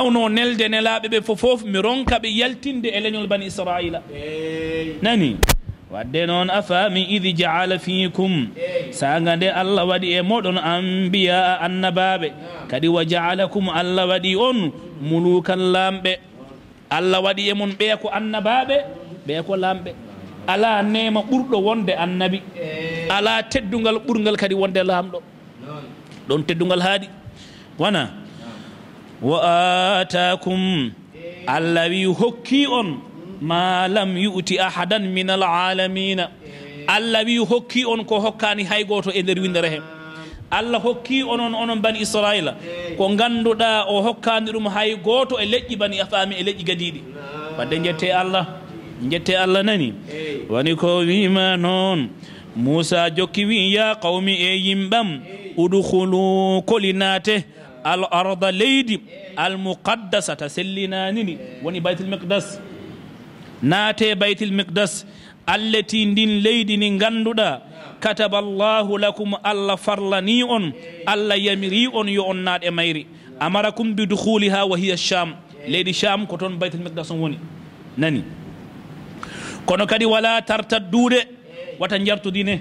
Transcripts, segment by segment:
mbawno nelde nelaɓe ɓe fofoof mi ronka ɓe yaltinde e leñol bani israila nani wadde noon afami idi jaala fikum saga nde allah waɗi e moɗon ambiya annabaɓe kadi wa jaalakum allah waɗi on mulukan lamɓe allah waɗi e mon ɓeya ko annabaɓe ɓeya ko lamɓe ala nema ɓurɗo wonde annabi ala teddugal ɓurgal kadi wonde lamɗo ɗon teddugal haaɗi wona wa aatakum allah wi hokki on ma lam yuti ahadan min alalamina allah wi hokki on ko hokkani hay goto e nder windere hen allah hokki onon onon bani israila ko ganduɗa o hokkani ɗum hay goto e leƴƴi bani afami e leƴƴi gadiɗi wadde jette allah jette allah nani woni ko wima noon moussa jokki wi ya qawmi e yimɓam uɗukhulu koli naate al arda leydi almuqaddasata sellinani ni woni baytul miqdas naate baytul miqdas alleti ndin leydi ndi ngannduɗa kataba allahu lakum allah farlani on allah yamiri on yo on naat e mayri amarakum bi duhuliha wa hiya cham leydi cham ko toon baytul miqdas on woni nani kono kadi wala tartaddude wata jartudine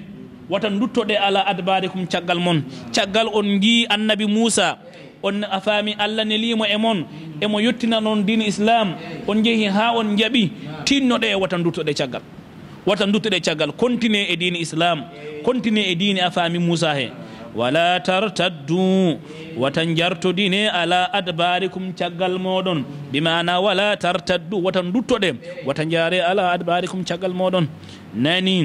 wata duttoɗe ala adbarikum caggal mon caggal on gii annabi moussa yeah. on a faami allah nelimo e moon emo yettina noon dine islam on jehi ha on jaɓi tinnoɗe e wata duttoɗe caggal wata duttoɗe caggal continue e dine islam continue e dine a faami moussa he wala tartaddu watan jartodine ala adbari kum caggal moɗon bimana wala tartaddu watan duttoɗe wata jaare ala adbari kum caggal moɗon nani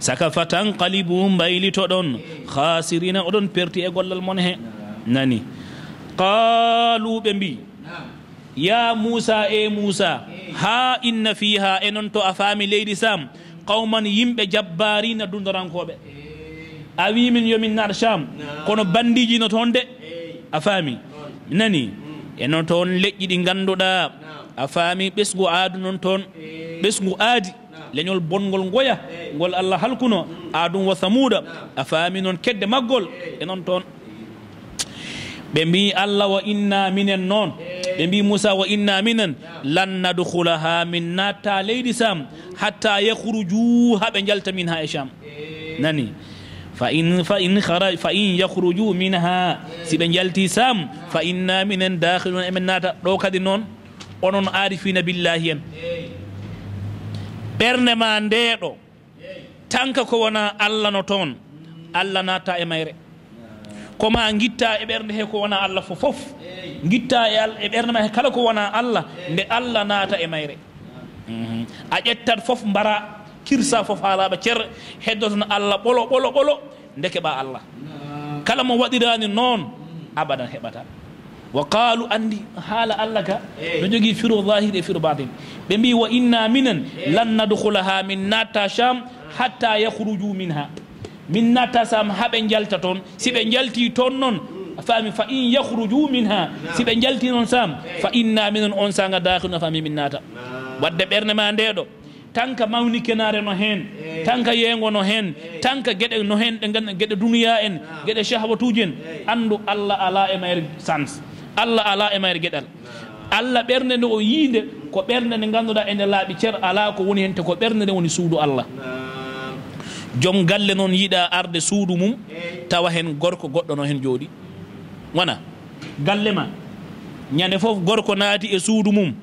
saka fatan qalibu baylitoɗon khasirina oɗon perti e gollal moon he nani qaalu ɓe mbi ya muusa e muusa ha inna fiha e noon to a faami leydi sam qawman yimɓe jabbarina dundorankoɓe a wimin yomin nar sham kono bandiji no toon de a faami nani e noon toon leƴƴi ɗi ngannduɗa a faami ɓesgu aadu noon toon ɓesgu aadi leñol bongol ngoya ngol allah halkuno aadum wa thamuda a faami noon kedde maggol e noon toon ɓe mbi allah wa inna minen noon ɓe mbi moussa wa inna minen lan nadhulaha min natta leydi sam hatta yahruju haɓe jalta min ha e cham nani fa in fa in hara fa in yahruju min ha siɓe jalti sam fa inna minen dahilun emin naata ɗo kadi noon onon arifina billahi en ɓernde ma ndeɗo tanka ko wona allah no toon allah natta e mayre koma gitta e ɓernde he ko wona allah fo fof gitta e ɓernde ma he kala ko wana allah nde allah naata e mayre a ƴettat fof mbara kirsa fof ba cer heddotono allah bolo bolo ɓolo nde keɓa allah kala mo waɗirani non abadan hebata وقالوا qalu andi haala allah ka no jogii firu zahir e firu batin ɓe mbi wa inna minen lan nadhulaha min minha min natta sam haɓe jalta toon siɓe jalti toon noon fami fa in yahruju min ha siɓe jalti noon sam fa inna minon on saga dahilna fami min naata wadde ɓerne ma ndeɗo tan ka mawnikenare no hen tan ka yeego no hen tan ka gueɗe no hen ɗe ganda gueɗe duniya en gueɗe chahwatuji en andu allah ala e mayre sens allah ala e mayre gueɗal allah ɓerne nde o yiide ko ɓerne nde ganduɗa ene laaɓi ceer ala ko woni hen te ko ɓerne nde woni suudu allah joom galle noon yiiɗa arde suudu mum tawa hen gorko goɗɗo no hen jooɗi wona galle ma ñande foof gorko naati e suudu mum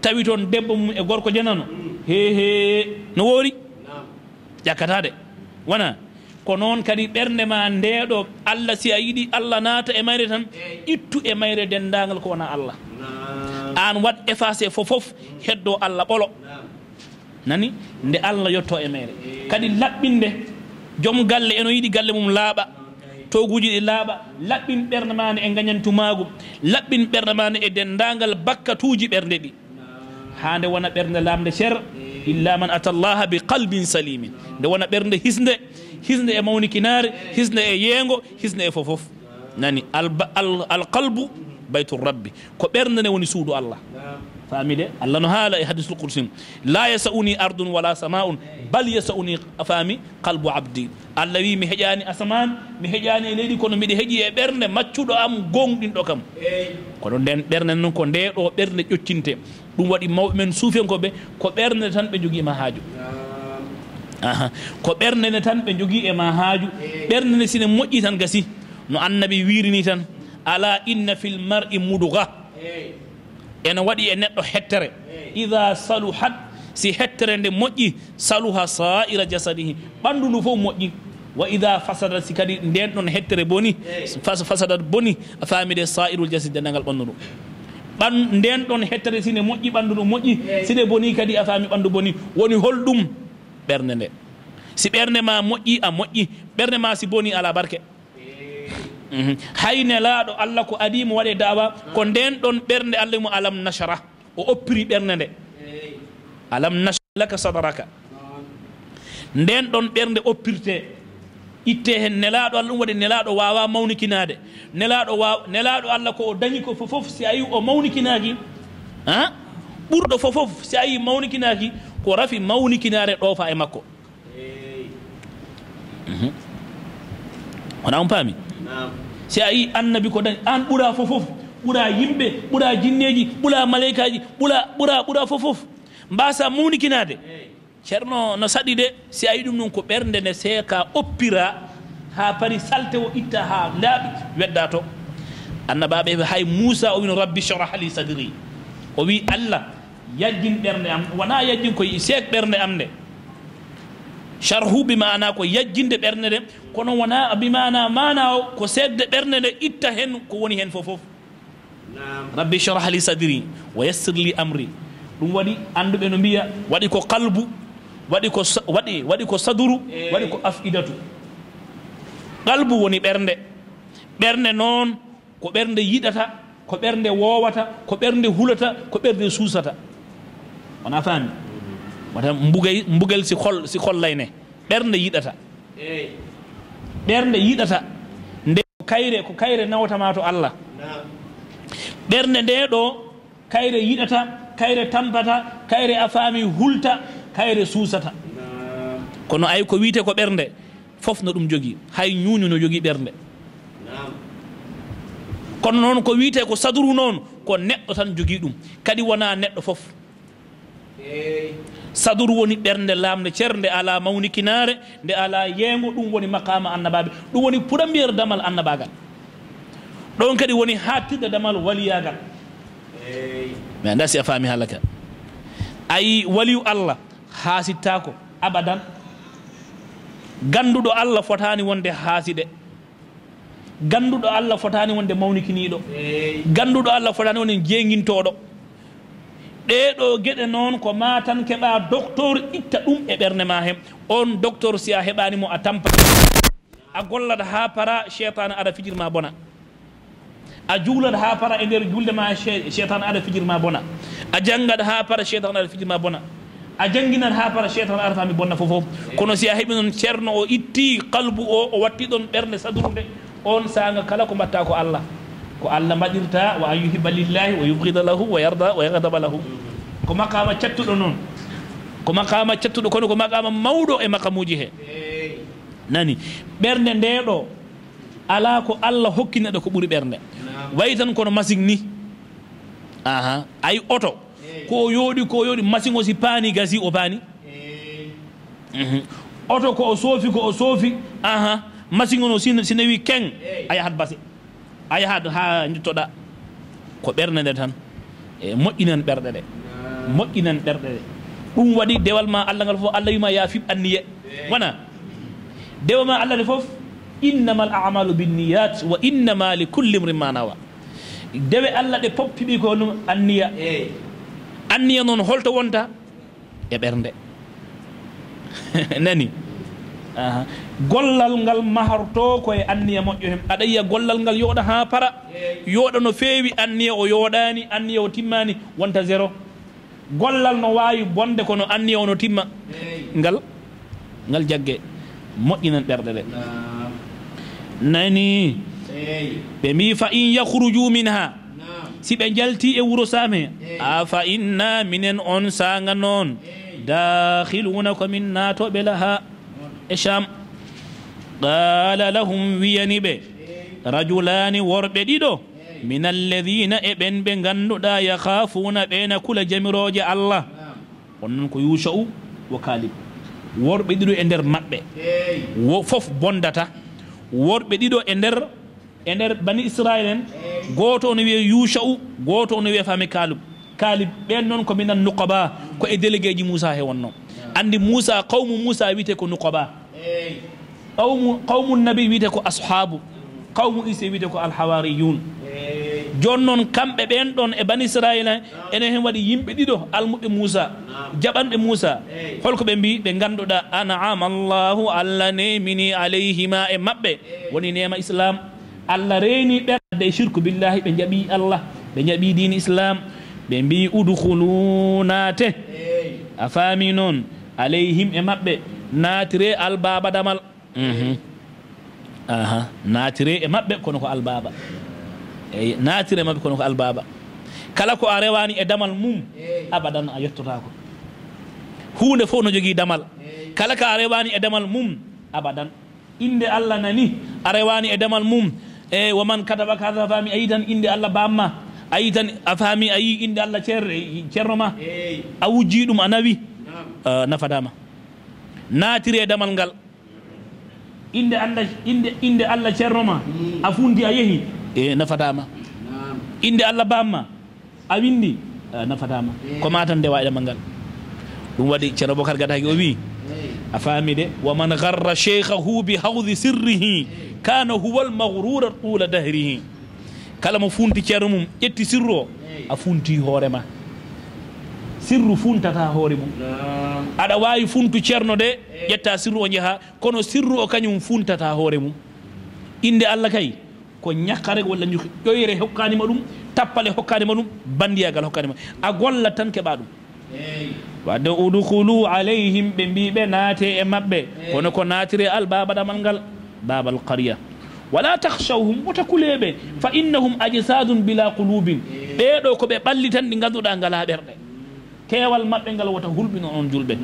tawi toon debbo mum e gorko jenano he he no woori ƴakkatade wona ko noon kadi ɓernde ma ndeɗo allah si a yiiɗi allah naata e mayre tan ittu e mayre dendagal ko wona allah an wat effacé e fofoof heddo allah ɓolo nani nde allah yetto e meere kadi laɓɓinde joom galle eno yiɗi galle mum laaɓa towguji ɗi laaɓa laɓɓin ɓerna mane e gañantumaagu laɓɓin ɓerna mane e denndangal bakkatuji ɓernde ɗi haa nde wona ɓernde laamde ceer illa man ata llaha bi qalbin salimin nde wona ɓernde hisnde hisnde e mawnikinaare hisnde e yeengo hisnde e fof fof nani alqalbu baytu rabbi ko ɓernde nde woni suudu allah faami de allah no haala e hadisul qudsim la yasa'uni ardun wala sama'un bal yasa'uni faami qalbu abdi allah wi mi heƴani asaman mi heƴani e leydi kono mbiɗa heeƴi e ɓernde maccuɗo am gonɗinɗo kam kono nden ɓernde noon ko nde ɗo ɓernde ƴoccinte ɗum waɗi mawɓe men suufiyankoɓe ko ɓernde tan ɓe joguima haaju aha ko ɓernde nde tan ɓe jogii e ma haaju ɓernde nde sine moƴƴi tan gasi no annabi wiirini tan ala inna fil mar'i muduga ene waɗi e neɗɗo hettere ida saluhat si hettere nde moƴƴi saluha saira jasadihi ɓanndu ndu fof moƴƴi wa ida fasada si kadi nden ɗon hettere boni fasadat boni famide sairul jasid dendagal ɓanndu ndu ɓan nden ɗon hettere sine moƴƴi ɓanndu ndu moƴƴi sine boni kadi a faami ɓanndu boni woni holɗum ɓernde nde si ɓernde ma moƴƴi a moƴƴi ɓernde ma si boni ala barke Mhm. haynelaaɗo allah ko adimo waɗe dawa ko nden ɗon ɓernde allah mo alam nachara o oppiri ɓernde nde alam nacharlaka sadaraka nden ɗon ɓernde oppirte itte hen nelaaɗo allah ɗum waɗi nelaaɗo wawa mawnikinade nelaaɗo wa nelaaɗo allah ko o dañi ko fo foof si a yi o mawnikinaki a ah? ɓurɗo fo foof si a yi mawnikinaki ko rafi mawnikinare ɗofa e makko mhm. wona on paami si a yi annabi ko dañi an ɓura fofof ɓura yimɓe ɓura jinneji ɓura maleykaji ɓura ɓura ɓura fofof mbasa muunikinade ceerno no saɗi de si a yi ɗum ɗum ko ɓernde nde seeka oppira ha pari salte o itta ha laaɓi wedda to annabaɓe hay moussa o wino rabbi sorahli sadiri o wi allah yajjin ɓernde am wona yajjin koye seek ɓernde am nde charhu bi mana ko yajjinde ɓerne nde kono wona bi mana mana o ko sedde ɓerne nde itta hen ko woni hen fof foof rabbi charhali sadiri wa yassir li amri ɗum waɗi anduɓe no mbiya waɗi ko kalbu waɗi ko waɗi waɗi ko saduru waɗi ko afidatu kalbu woni ɓernde ɓernde noon ko ɓernde yiɗata ko ɓernde wowata ko ɓernde hulata ko ɓernde suusata wona faami mata mbugay mbugal si hol si hollay ne ɓernde yiɗata eyi ɓernde yiɗata nde ko kayre ko kayre nawatama to allah ɓernde nde ɗo kayre yiɗata kayre tampata kayre a faami hulta kayre suusata kono ay ko wiite ko ɓernde fof no ɗum jogii hay ñuuni no jogii ɓernde kono noon ko wiite ko saduru noon ko neɗɗo tan jogii ɗum kadi wonaa neɗɗo fof saduru woni ɓernde laamde ceer nde ala mawnikinaare nde ala yeengo ɗum woni maqama annabaɓe ɗum woni premier damal annabagal ɗon kadi woni haattirde damal waliyagal mi anda si a faami hallah ka ayi waliyu allah haasittako abadan ganduɗo allah fotani wonde haaside ganduɗo allah fotani wonde mawnikiniɗo ganduɗo allah fotani wonde jeeguintoɗo hey. ɗeɗo geɗe noon ko ma tan keɓa docteur itta ɗum e ɓerne ma hen on docteur si a heɓanimo a tampa a gollata ha para chétane ara fijir ma bona a juulat ha para e nder julde ma chétane ara fijir ma bona a janggat ha para chétane ara fijir ma bona a jangginat ha para chétane arafami bonna fofo kono si a heeɓi noon ceerno o itti kalbu o o watti ɗon ɓerde sadurde on saanga kala ko mbatta ko allah ko allah mbaɗirta wa an yuhiba lillahi wa yubrida lahum wa yarda wa yahdaba lahum ko makama cattuɗo noon ko makama cattuɗo kono ko makama mawɗo e makamuji he nani ɓernde ndeɗo ala ko allah hokkineɗo ko ɓuuri ɓernde wayi tan kono masine ni aha ayi oto ko yooɗi ko yooɗi masine osi paani gasi o paani mhm. oto ko o soofi ko o soofi aha masine on o sino si nawi keng a yahat base a yaha ha jottoɗa ko ɓerde nde tan e moƴƴinan ɓerɗe ɗe moƴƴinan ɓerɗe ɗe ɗum waɗi dewal ma allah ngal fof allah wima ya fiɓ anniye wona dewa ma allah nde fof innama l amalu binniyat wa innama li culli mri manawa dewe allah ɗe pop piɓi ko num anniya anniya noon holto wonta e ɓerde nani gollal ngal maharto koye anniya moƴƴo hen aɗa yiya gollal ngal yooɗa ha para yooɗa no feewi anniya o yooɗani anniya o timmani wonta zéro gollal no wawi bonde kono anniya o no timma ngal ngal jagge moƴƴinan ɓerɗe ɗe nani ɓe mbi fa in yahruju minha si ɓe jalti e wuuro same a fa inna minen on sanga noon dakhiluna ko min natoɓe laha hicham qala lahum wiyani ɓe rajulani worɓe ɗiɗo min alladina e ɓen ɓe ganduɗa yahafuna ɓena kula jamiroje allah onnon ko yusha u wo kalib worɓe ɗiɗo e nder maɓɓe wo fof bondata worɓe ɗiɗo e nder e nder bani israil en goto ono wiye yusha u goto ono wiye fami kalib kalib ɓen noon ko minal nukaba ko e délégué ji moussa he wonnoo andi moussa qawmu moussa wiyte ko nukoba qawmu qawmu nabi wiyte ko ashabu qawmu issa wiyte ko alhawariyun jonnoon kamɓe ɓen ɗon e bani israila ene hen waɗi yimɓe ɗiɗo almuɗe moussa jaɓanɗe moussa holko ɓe mbi ɓe ganduɗa anama allahu allah nemini aleyhima e maɓɓe woni nema islam allah reeni ɓerde e shirku billahi ɓe jaaɓi allah ɓe jaaɓi dine islam ɓe mbi udkhulu naate a faami noon alayhim e maɓɓe naatire albaba damal mhm. aha naatire e maɓɓe kono ko albaba eyi naatire e maɓɓe kono ko albaba kala ko a rewani e, e damal mum abadan a yettotako hunde fof no jogui damal kala ka a rewani e damal mum abadan inde allah nani a rewani e damal mum e woman kadaba kada fami ayi tan inde allah bamma ayi tan a fami ayi inde allah cerre cerroma a wujji ɗum a nawi Eh, nafadama natiri e damal ngal inde anda inde inde allah ceernoma a fundi a yeehi e nafadama inde allah bamma a windi e nafadama ko matan ndewa e damal ngal ɗum waɗi ceerno bo kar gadaki o wi a faami de wa man garra cheikhahu bi hawdi sirrihi kana huwal mahrura ɗuula dahrihi kala mo funti ceerno mum ƴetti sirru o a funti hoorema sirru funtata hoore mum aɗa wawi funtu ceerno de ƴetta sirru o jeeha kono sirru o kañum funtata hoore mum inde allah kay ko ñakkare walla jo ƴoyre hokkanima ɗum tappale hokkanima ɗum bandiyagal hokkanima a golla tan keɓa ɗum wadde udkulu alayhim ɓe mbiɓe naate e mabɓe kono ko natire al babaɗamal ngal babal qarya wala takhchawhum wota kuleɓe fa innahum ajsadum bila qulubin ɓeɗo koɓe ɓalli tan ɗi ganduɗa ngala ɓerɗe keewal maɓɓe ngal wota hulɓino on julɓe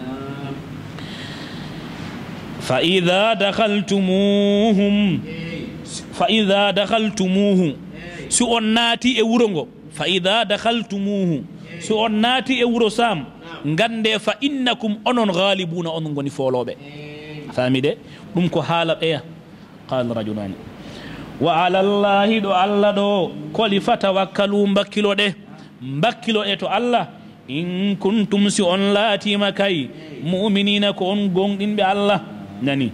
fa ida dahaltumuhum fa ida dahaltumuhu si on naati e wuro ngo fa ida dahaltumuhu si on naati e wuro sam gande fa innakum onon galibuna on goni folooɓe fami de ɗum ko haala ɓeya qala rajulani wa ala llahi ɗo allah ɗo koli fa tawakkalu mbakkilo ɗe mbakkilo ɗe to allah in kuntum si on laatima kay muminina ko on gonɗinɓe allah nani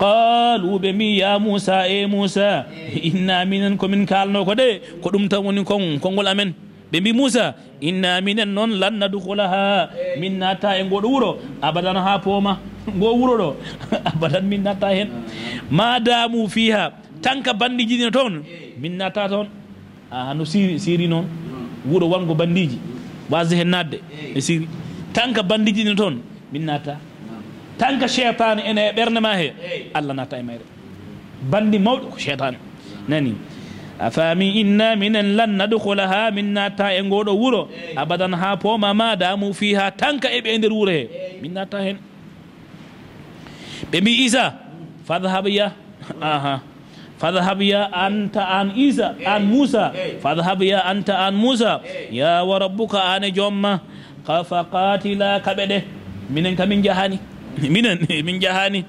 qalu ɓe mbi ya moussa e moussa inna minen komin kalno ko ɗe ko ɗum tan woni kon konngol amen ɓe mbi moussa inna minen noon lan nadhulaha min natta e ngoɗo wuuro abadan ha pooma ngo wuuro ɗo abadan min ta hen ma damu fiha tan ka bandiji ɗino toon min natta toon aha no siri siri noon wuro wongo bandiji wasde hen nadde e siri tan ka bandiji ne toon min natta tan ka cheytane ene e ɓerde ma he allah natta e mayre bandi mawɗo ko cheytane nani afami faami inna minen lan nadhulaha min natta e godo wuro abadan ha pooma madamu fiha tanka eɓe e nder wuuro he min natta hen ɓe mbi isa fadhab ya aha فاذهب يا أنت عن إيسى عن موسى فاذهب يا أنت عن موسى يا وربك عن جمّة فقاتلا كبده minen ka min jahani minen min jahani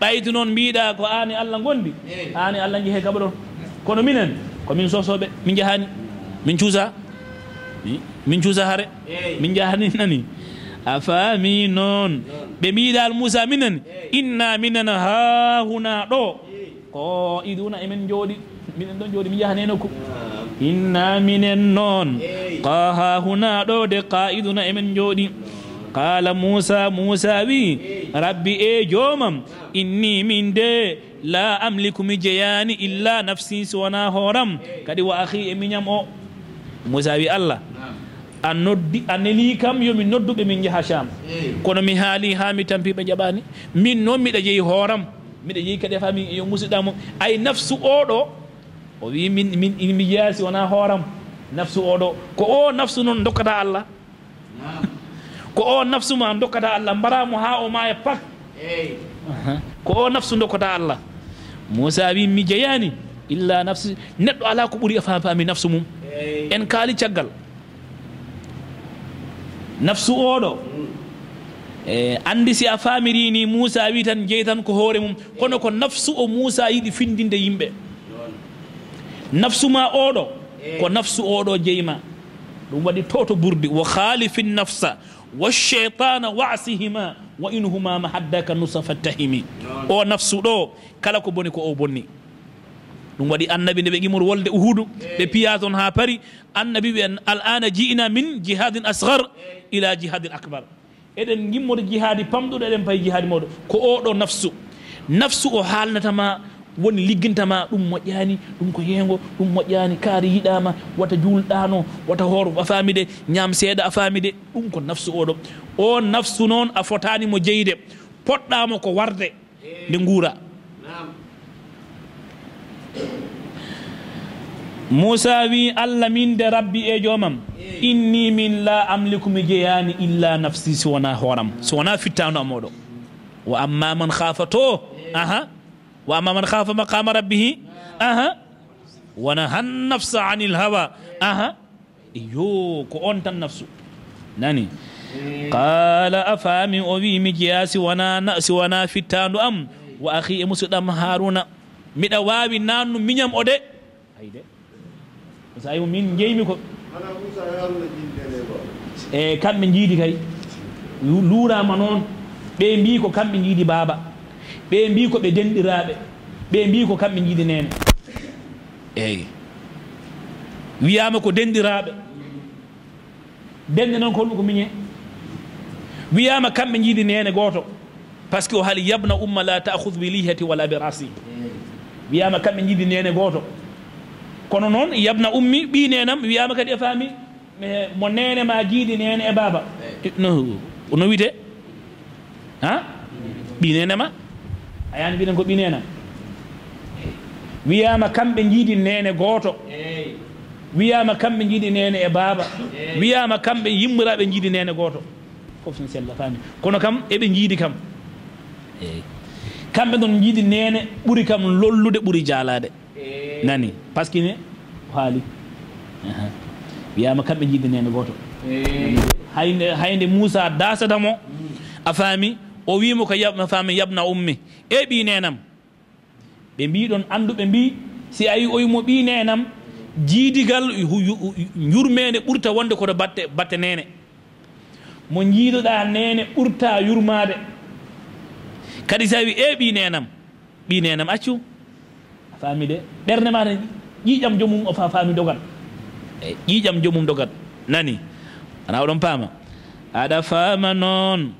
ɓayti noon mbiɗa ko an e allah gondi an e allah jeehe kaɓa ɗon kono minen komin sosoɓe min jahani min cuusa min cuusa haare min jahani nani a faami noon ɓe mbiɗal moussa minen inna minen ha huna ɗo قائدون امن جودي من دون جودي ميا هنينكو ان من النون قاها هنا دود قائدون امن جودي قال موسى موسى وي ربي اي جوم اني من دي لا املك مجياني الا نفسي سوانا هورم كدي واخي امين يم او موسى وي الله an أن aneli kam yomi noddube min jaha sham kono mi haali ha mi tampi be jabani miɗe yii kadi fami yo musiɗɗamum ay nafsu oɗo o wi min min mi yeyasi wona hooram nafsu oɗo ko o nafsu noon dokkata allah ko o nafsu ma dokkata allah mbaramo ha o maya pat ko o nafsu dokkata allah mosa wi mi jeyani illa nafsu neɗɗo ala ko ɓuuri afa fami nafsu mum en kaali caggal nafsu oɗo mm. e andi si a famiri ni moussa wi tan jeeyi tan ko hoore mum kono ko nafsu o moussa yiɗi findinde yimɓe nafsu ma oɗo ko nafsu oɗo jeyima ɗum waɗi to to burdi wo khalifi nafsa wa cheytana wasihima wa inhuma mahaddaka nusafatahimi o nafsu ɗo kala ko boni ko o bonni ɗum waɗi annabi nde ɓe gimor wolde uhudu ɓe piya toon ha paari annabi ɓe al ana jiina min jihadin asgar ila jihadin acbar eɗen gimmode jihaadi pamɗuɗo eɗen paye jihaadi mawɗo ko oɗo nafsu nafsu o haalnatama woni liggintama ɗum moƴƴani ɗum ko yeengo ɗum moƴƴani kaari yiɗama wata julɗano wata hoor a famide ñaam seeɗa a famide ɗum ko nafsu oɗo o nafsu noon a fotanimo jeyde poɗɗamo ko warde nde guura موسى الله من ربي اجومم اني من لا املك مجيان الا نفسي سوانا حرام سوانا فتان امودو واما من خافته اها واما من خاف مقام ربه اها ونهى النفس عن الهوى اها يوكو انت النفس ناني قال افامي اوي مجياسي وانا ناسي وانا فتان ام واخي مسلم هارون ميدا نانو مينم اودي هيدي sa ayi min jeymi ko e eh, kamɓe jiidi kay luurama noon ɓe mbi ko kamɓe jiidi baaba ɓe mbi ko ɓe denɗiraɓe ɓe mbi ko kamɓe jiidi nene eyyi wiyama ko denɗiraɓe dende noon ko ɗum ko miñe wiyama kamɓe jiidi nene goto par ce que o haali yabna umma la tahudu bi lihati wala bi rasi mm. wiyama kamɓe jiidi nene goto kono noon yabna ummi ɓi nenam wiyama kadi e faami m mo nene ma jiidi nene e baaba no wite ha ɓi nenema ayani mbiɗen ko ɓi nena wiyama kamɓe jiidi nene gooto wiyama kamɓe jiiɗi nene e baaba wiyama kamɓe yimmiraɓe jiidi nene gooto fof sen sella fami kono kam eɓe jiidi kam eyi kamɓe ɗon jiiɗi nene ɓuuri kam lollude ɓuuri jaalade Eh. nani par ce que ne haali wiyama kamɓe jiddaneno goto eh. hayde hayde moussa dasatamo mm. a faami o wimo ko yab faami yabna ummi e ɓi nenam ɓe mbiɗon anduɓe mbi si a yi o yimo ɓi nenam jiidigal jurmede ɓurta wonde koto batte batte nene mo jiidoɗa nene ɓurta yurmade kadi sa wi e ɓi nenam ɓi nenam accu de ɓernde ma yi jam jomum o fa faami dogat e eh, jam jomum dogat nani ana oɗon paama Ada faama non.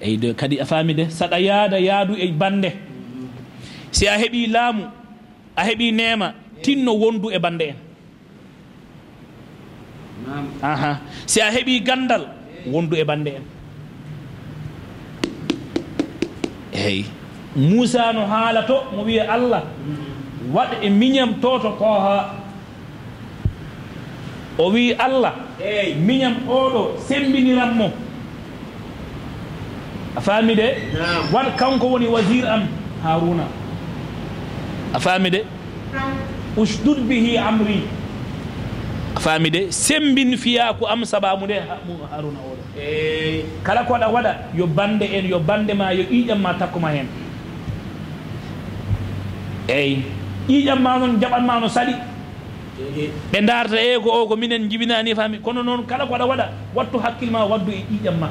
e de kadi a faami de sada yaada yaadu e bande si a hebi laamu a hebi neema tinno wondu e bande en aha si a hebi gandal wondu e bande en hey. muusa no haala to mo wiya allah waɗ e miñam toto kooha o wii allah miñam ooɗo sembiniranmo a faami de waɗ kanko woni wasir am haruna a faami de usdud bihi amri a faami de sembin fiyaku am sabamu de mo haruna oɗo kala ko aɗa waɗa yo bande en yo bande ma yo ƴiƴam ma takkuma hen eyyi ƴiƴam ma noon jaɓan ma no saɗi ɓe darta e ko o ko minen jibinani e fami kono noon kala ko waɗa waɗa wattu hakkille ma waddu e ƴiƴam ma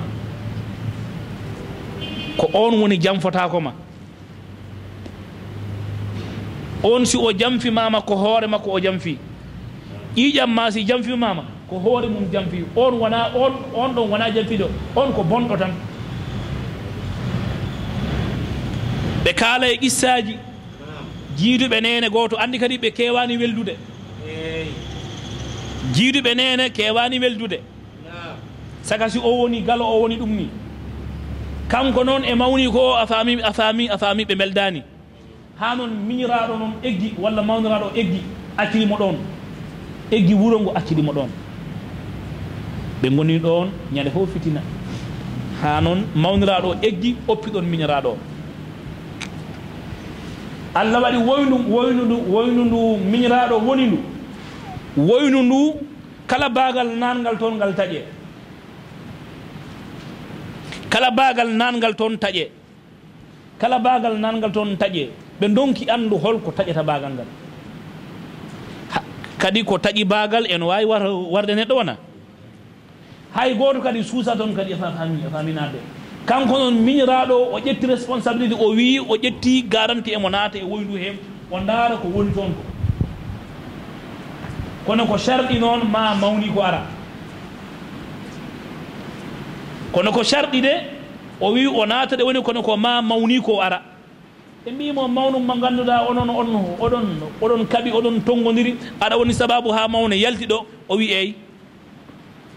ko on woni jamfotako ma on si o jamfimama ko hoore makko o jamfi ƴiƴam ma si jamfimama ko hoore mum jamfi on wona on on ɗon wona jamfiɗo on ko bonɗo tan ɓe kaala e ƴissaji jiiduɓe nene goto andi kadi ɓe kewani weldude jiiduɓe nene kewani weldude saka si o woni galo o woni ɗum ni kanko noon e mawni ko a faami a faami a faami ɓe beldani ha noon miñiraɗo noon eggi walla mawniraɗo eggi accirimo ɗon eggi wuuro ngo accirimo ɗon ɓe goni ɗon ñande fof fitina ha noon mawniraɗo eggi oppiɗon miñiraɗo o allah waɗi woynu woynundu woynu ndu miñiraɗo woni ndu woynu ndu kala baagal nangal toon ngal taƴe kala baagal nangal toon taƴe kala baagal nangal toon taƴe ɓe donki anndu holko taƴata baagal ngal kadi ko taƴi baagal ene wawi war warde neɗɗo wona hay gooto kadi suusa toon kadi efa famiade fami kanko noon miñiraaɗo o ƴetti responsabilité o wii o ƴetti garanti emo naata e woyndu heen o ndaara ko woni toon ko kono ko charɗi noon ma mawni ko ara kono ko charɗi de o wii o naata ɗe woni kono ko ma mawni ko ara e mbimo mawnu mo ngannduɗaa onon on oɗon oɗon kaɓi oɗon tongodiri aɗa woni sababu haa mawna yalti ɗo o wi eyi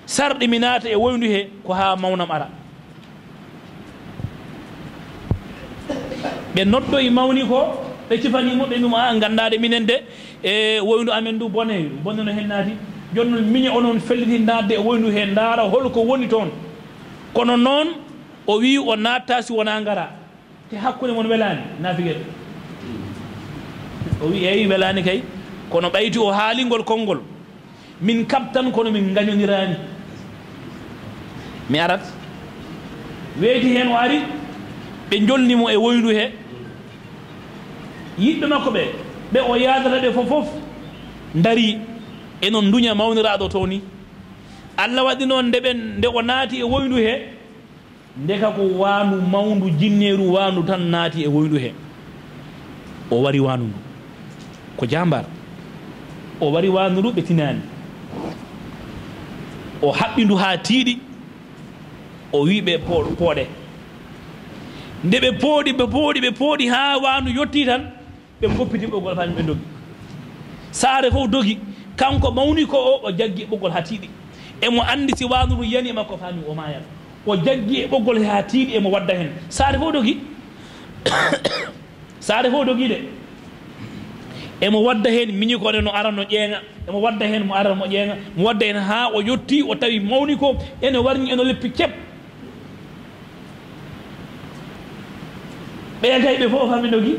sarɗi mi naata e woyndu hee ko haa mawnam ara ɓe noddoyi mawni ko ɓe cifanimo ɓe mima a gandade minen de e woynu amen ndu bone bone no hen naati jonnon mini onon felliti nadde e woynu he ndaara holko woni toon kono noon o wi o natta si wona gara te hakkude mon welani nafiguel o wi eyi welani kay kono ɓayti o haalingol konngol min kabtan kono min gañonirani mi arat weeti hen o ari ɓe jolnimo e woynu he yiɓɓe makko ɓe ɓe o yadata ɓe fof fof dari enon nduña mawniraɗo to ni allah waɗi noon nde ɓen nde o naati e woynu he ndeka ko wanu mawndu jinneru wandu tan naati e woynu he o wari wanu ndu ko jambar o wari wanu ndu ɓe tinani o haɓɓi ndu ha tiiɗi o wiɓe pooɗe po, nde ɓe pooɗi ɓe pooɗi ɓe pooɗi haa waanu yetti tan ɓe goppiti ɓoggol haa ɓe dogi saare fof dogi kanko mawni ko o o jaggi e ɓoggol haa tiiɗi emo anndi si waanu ndu yani e makko faami o maayat o jaggi e ɓoggol haa tiiɗi emo wadda heen saare fof dogi saare fof dogi de emo wadda heen miñi kone no arano ƴeeŋa emo wadda heen mo arano mo ƴeeŋa mo wadda heen e haa o yetti o tawi mawni ko ene warñi eno leppi ceɓ ɓeyatay ɓe fof o fami dogui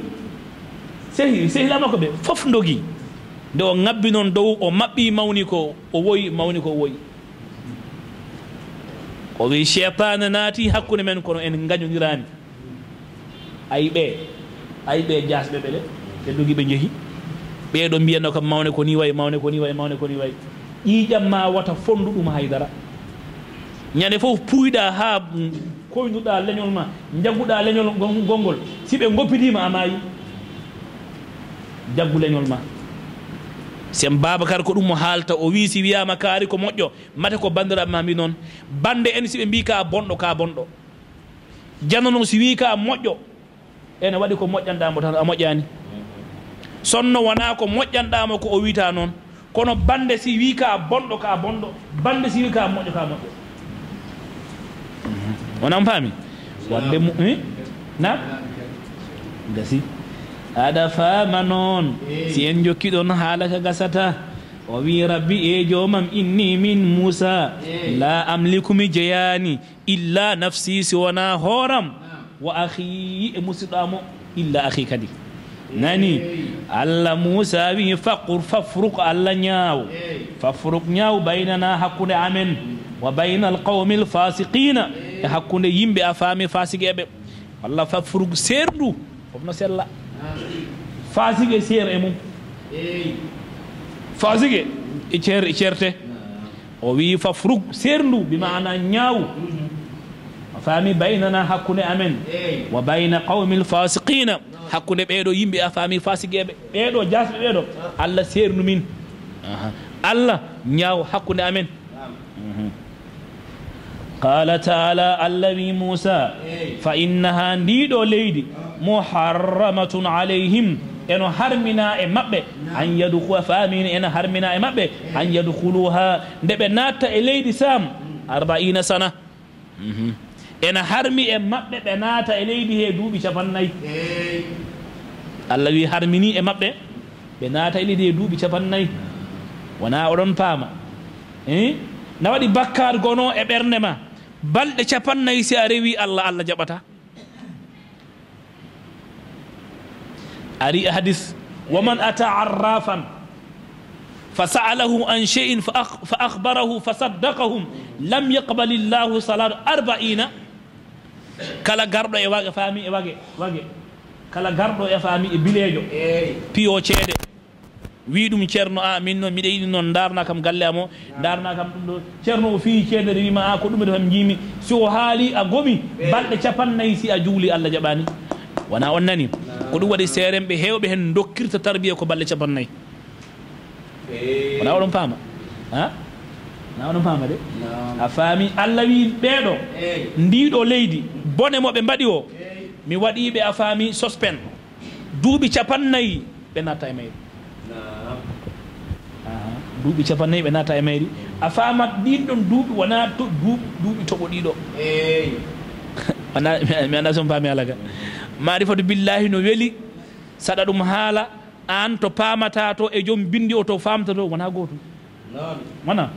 sehi sehila makko ɓe fof dogui nde o ngabbi noon dow o maɓɓi mawni ko o woyi mawni ko woyi o wi chepane naati hakkude men kono en gañodirani ayiɓe ayiɓe jasɓe ɓele ɓe dogui ɓe jeehi ɓeɗo mbiyanno kam mawne koni wayi mawne koni wayi mawne koni wayi ƴiƴam ma wata fondu ɗum haydara ñande fof puyɗa ha koynuɗa leñol ma jagguɗa leñol gongol si ɓe goppitima a mayi jaggu leñol ma sen babacar ko ɗum mo haalta o wi si wiyama kaari ko moƴƴo mate ko bandiraɓe ma mbi noon bande en si ɓe mbi ka bonɗo ka bonɗo jannano si wi ka moƴƴo ene waɗi ko moƴƴanɗamo tan a moƴƴani sonno wona ko moƴƴanɗamo ko o wiita noon kono bande si wi ka bonɗo ka bonɗo bande si wi ka moƴƴo ka moƴƴo unamfahamu wadde mu eh? na gasi aɗa fama noon si en jokkiɗon haala ka gasata o wi rabbi e jomam inni min moussa la amliku mi jeyani illa nafsi si wona hooram wa ahi e musidɗo amo illa ahi kadi nani allah moussa wi faqur fafruk allah ñaaw fafruk ñaaw baynana hakkude amen wa bayna alqawmi alfasiqina hakkunde yimbe a faami fasigueɓe walla furug serdu fofno sella fasige ser e mum fasige e ceer e ceerte o wi fa furug serdu bi maana nyaaw faami baynana hakkunde amen wa bayna qawmi fasiqina hakkunde ɓeeɗo yimbe a faami fasigueɓe jasbe jasɓe ɓeeɗo allah sernu min alla nyaaw hakkunde amen قال تعالى الذي موسى إيه. فإنها نيدو ليدي محرمة عليهم إنو هرمنا إمبي نعم. أن يدخوا فامين إنو هرمنا إمبي إيه. أن يدخلوها نبنات إليدي سام أربعين سنة إنو هرمي إمبي بنات إليدي هدو بشفنناي الذي هرمني إمبي بنات إليدي هدو بشفنناي ونا أرن فاما إيه؟ نوالي بكار غنو إبرنما balɗe capannayi si a rewi allah allah jaɓata ari hadis waman ata arrafan fa sa'alahu an shay'in fa akhbarahu fa saddaqahum lam yaqbal illahu salatu arba'ina kala garɗo e wage faami e wage wage kala garɗo e faami e bileejo piyo ceede wi ɗum ceerno a ah, min noon mbiɗa yiɗi noon darna kam galle amo darna kam ɗum ɗo ceerno o fii ceerno ɗe wima a ah, ko ɗum ɗo kam jiimi si o haali a gomi balɗe capannayyi si a juuli allah jaɓani wona on nani ko ɗum waɗi seeren hewɓe hen dokkirta tarbiya ko balɗe capannayyi wona oɗon paama ha ah? na oɗon paama de a faami allah wi ɓeeɗo ndiɗo leydi bone moɓe mbaɗi o mi waɗiɓe a faami sospen duuɓi capannayyi ɓe natta e mayri duuɓi capannayyi ɓe naata e mairi a faamat ɗin ɗon duuɓi wona to duuɓi duuɓi toɓo ɗiɗo mi anda somi paami alaga marifatu billahi no weeli saɗa ɗum haala an to paamata to e joom bindi o to famta to wona gotum wona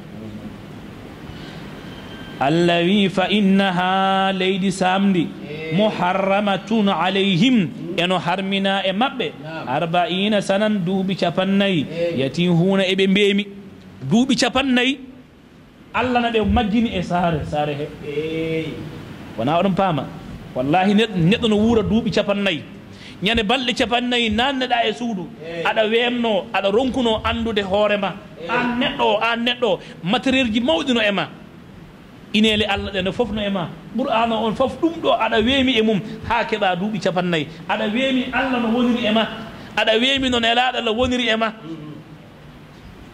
Allah wi fa innaha leydi samdi muharramatun alayhim eno harmina e maɓɓe arba'ina sanan duuɓi capannayyi yati huuna eɓe mbeemi duuɓi capannayyi allah na ɓe majjini e saare saare he wona oɗon paama wallahi neɗɗo no wuura duuɓi capannayyi ñande balɗe capannayyi nanneɗa e suudu aɗa weemno aɗa ronkuno anndude hoore ma an neɗɗo o an neɗɗo o matériel ji mawɗino e ma ineele allah ɗene fof no e ma qur'ana on fof ɗum ɗo aɗa weemi e mum haa keɓa duuɓi capannayyi aɗa weemi allah no woniri e ma aɗa weemi no nelaɗa lo woniri e ma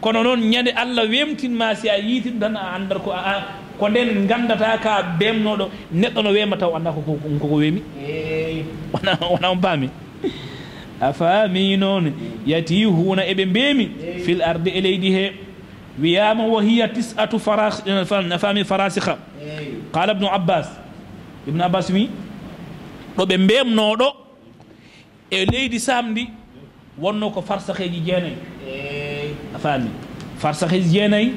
kono noon ñande allah weemtinma si a yiiti ɗum tan a anndat ko aa ko nden ganndata ka beemnoɗo neɗɗo no weema taw anda koko weemi wona wona on paami a faami noon yatihuna eɓe mbeemi fil arde e leydi hee وياما وهي تسعة فراخ آه، نفامي فراسخة إيه. قال ابن عباس ابن عباس مي وبن بيم نورو إلي إيه دي سامدي ونوكو فرسخي جيني نفامي إيه. فرسخي جيني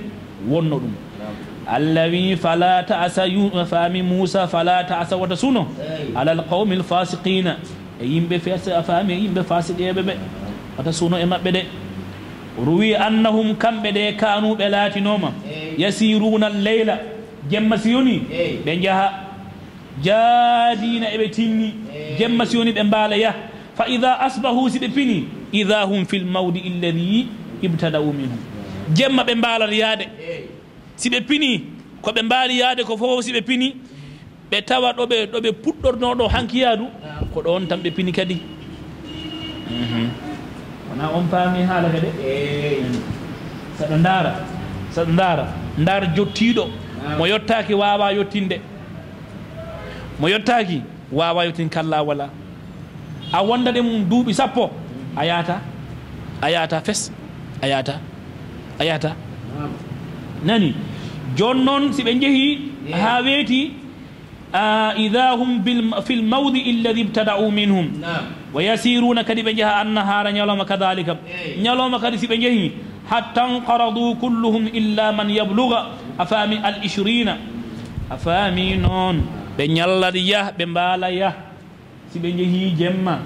ونورو نعم. الذي فلا تأسى فامي موسى فلا تأسى وتسونو على القوم الفاسقين أيم بفاسق أفامي أيم بفاسق أيم بفاسق وتسونو إما بدأ ruwi annahum kamɓe ɗe kanuɓe laatinoma yasiruna leyla jemma siyoni ɓe jaaha jaadina eɓe tinni jemma siyoni ɓe mbaala yah fa ida asbahu si ɓe pini ida hum fi lmawdi illadi ibtadau minhum jemma ɓe mbaalata yaade si ɓe pini ko ɓe mbaali yaade ko fofof si ɓe pini ɓe tawa ɗoɓe ɗoɓe puɗɗornoɗo hanki yaadu ko ɗon tan ɓe pini kadi mhm. na on paami haala kadi saɗo ndara saɗo ndara ndar jottiiɗo mo yottaki waawa yottinde mo yottaki waawa yottin kala wala a wondade mum duuɓi sappo ayata ayata fes ayata ayata nani jooni noon si ɓe njehii haa weeti ida hum fi lmawdi illadi ibtada'u minhum wayasiruna kadi ɓe jaha annahara ñalawma kadalika ñalawma kadi si ɓe jeehi hatta nqaradu kulluhum illa man yabluga a faami al ishrina a faami noon ɓe ñallat yah ɓe mbaala yah si ɓe jeehi jemma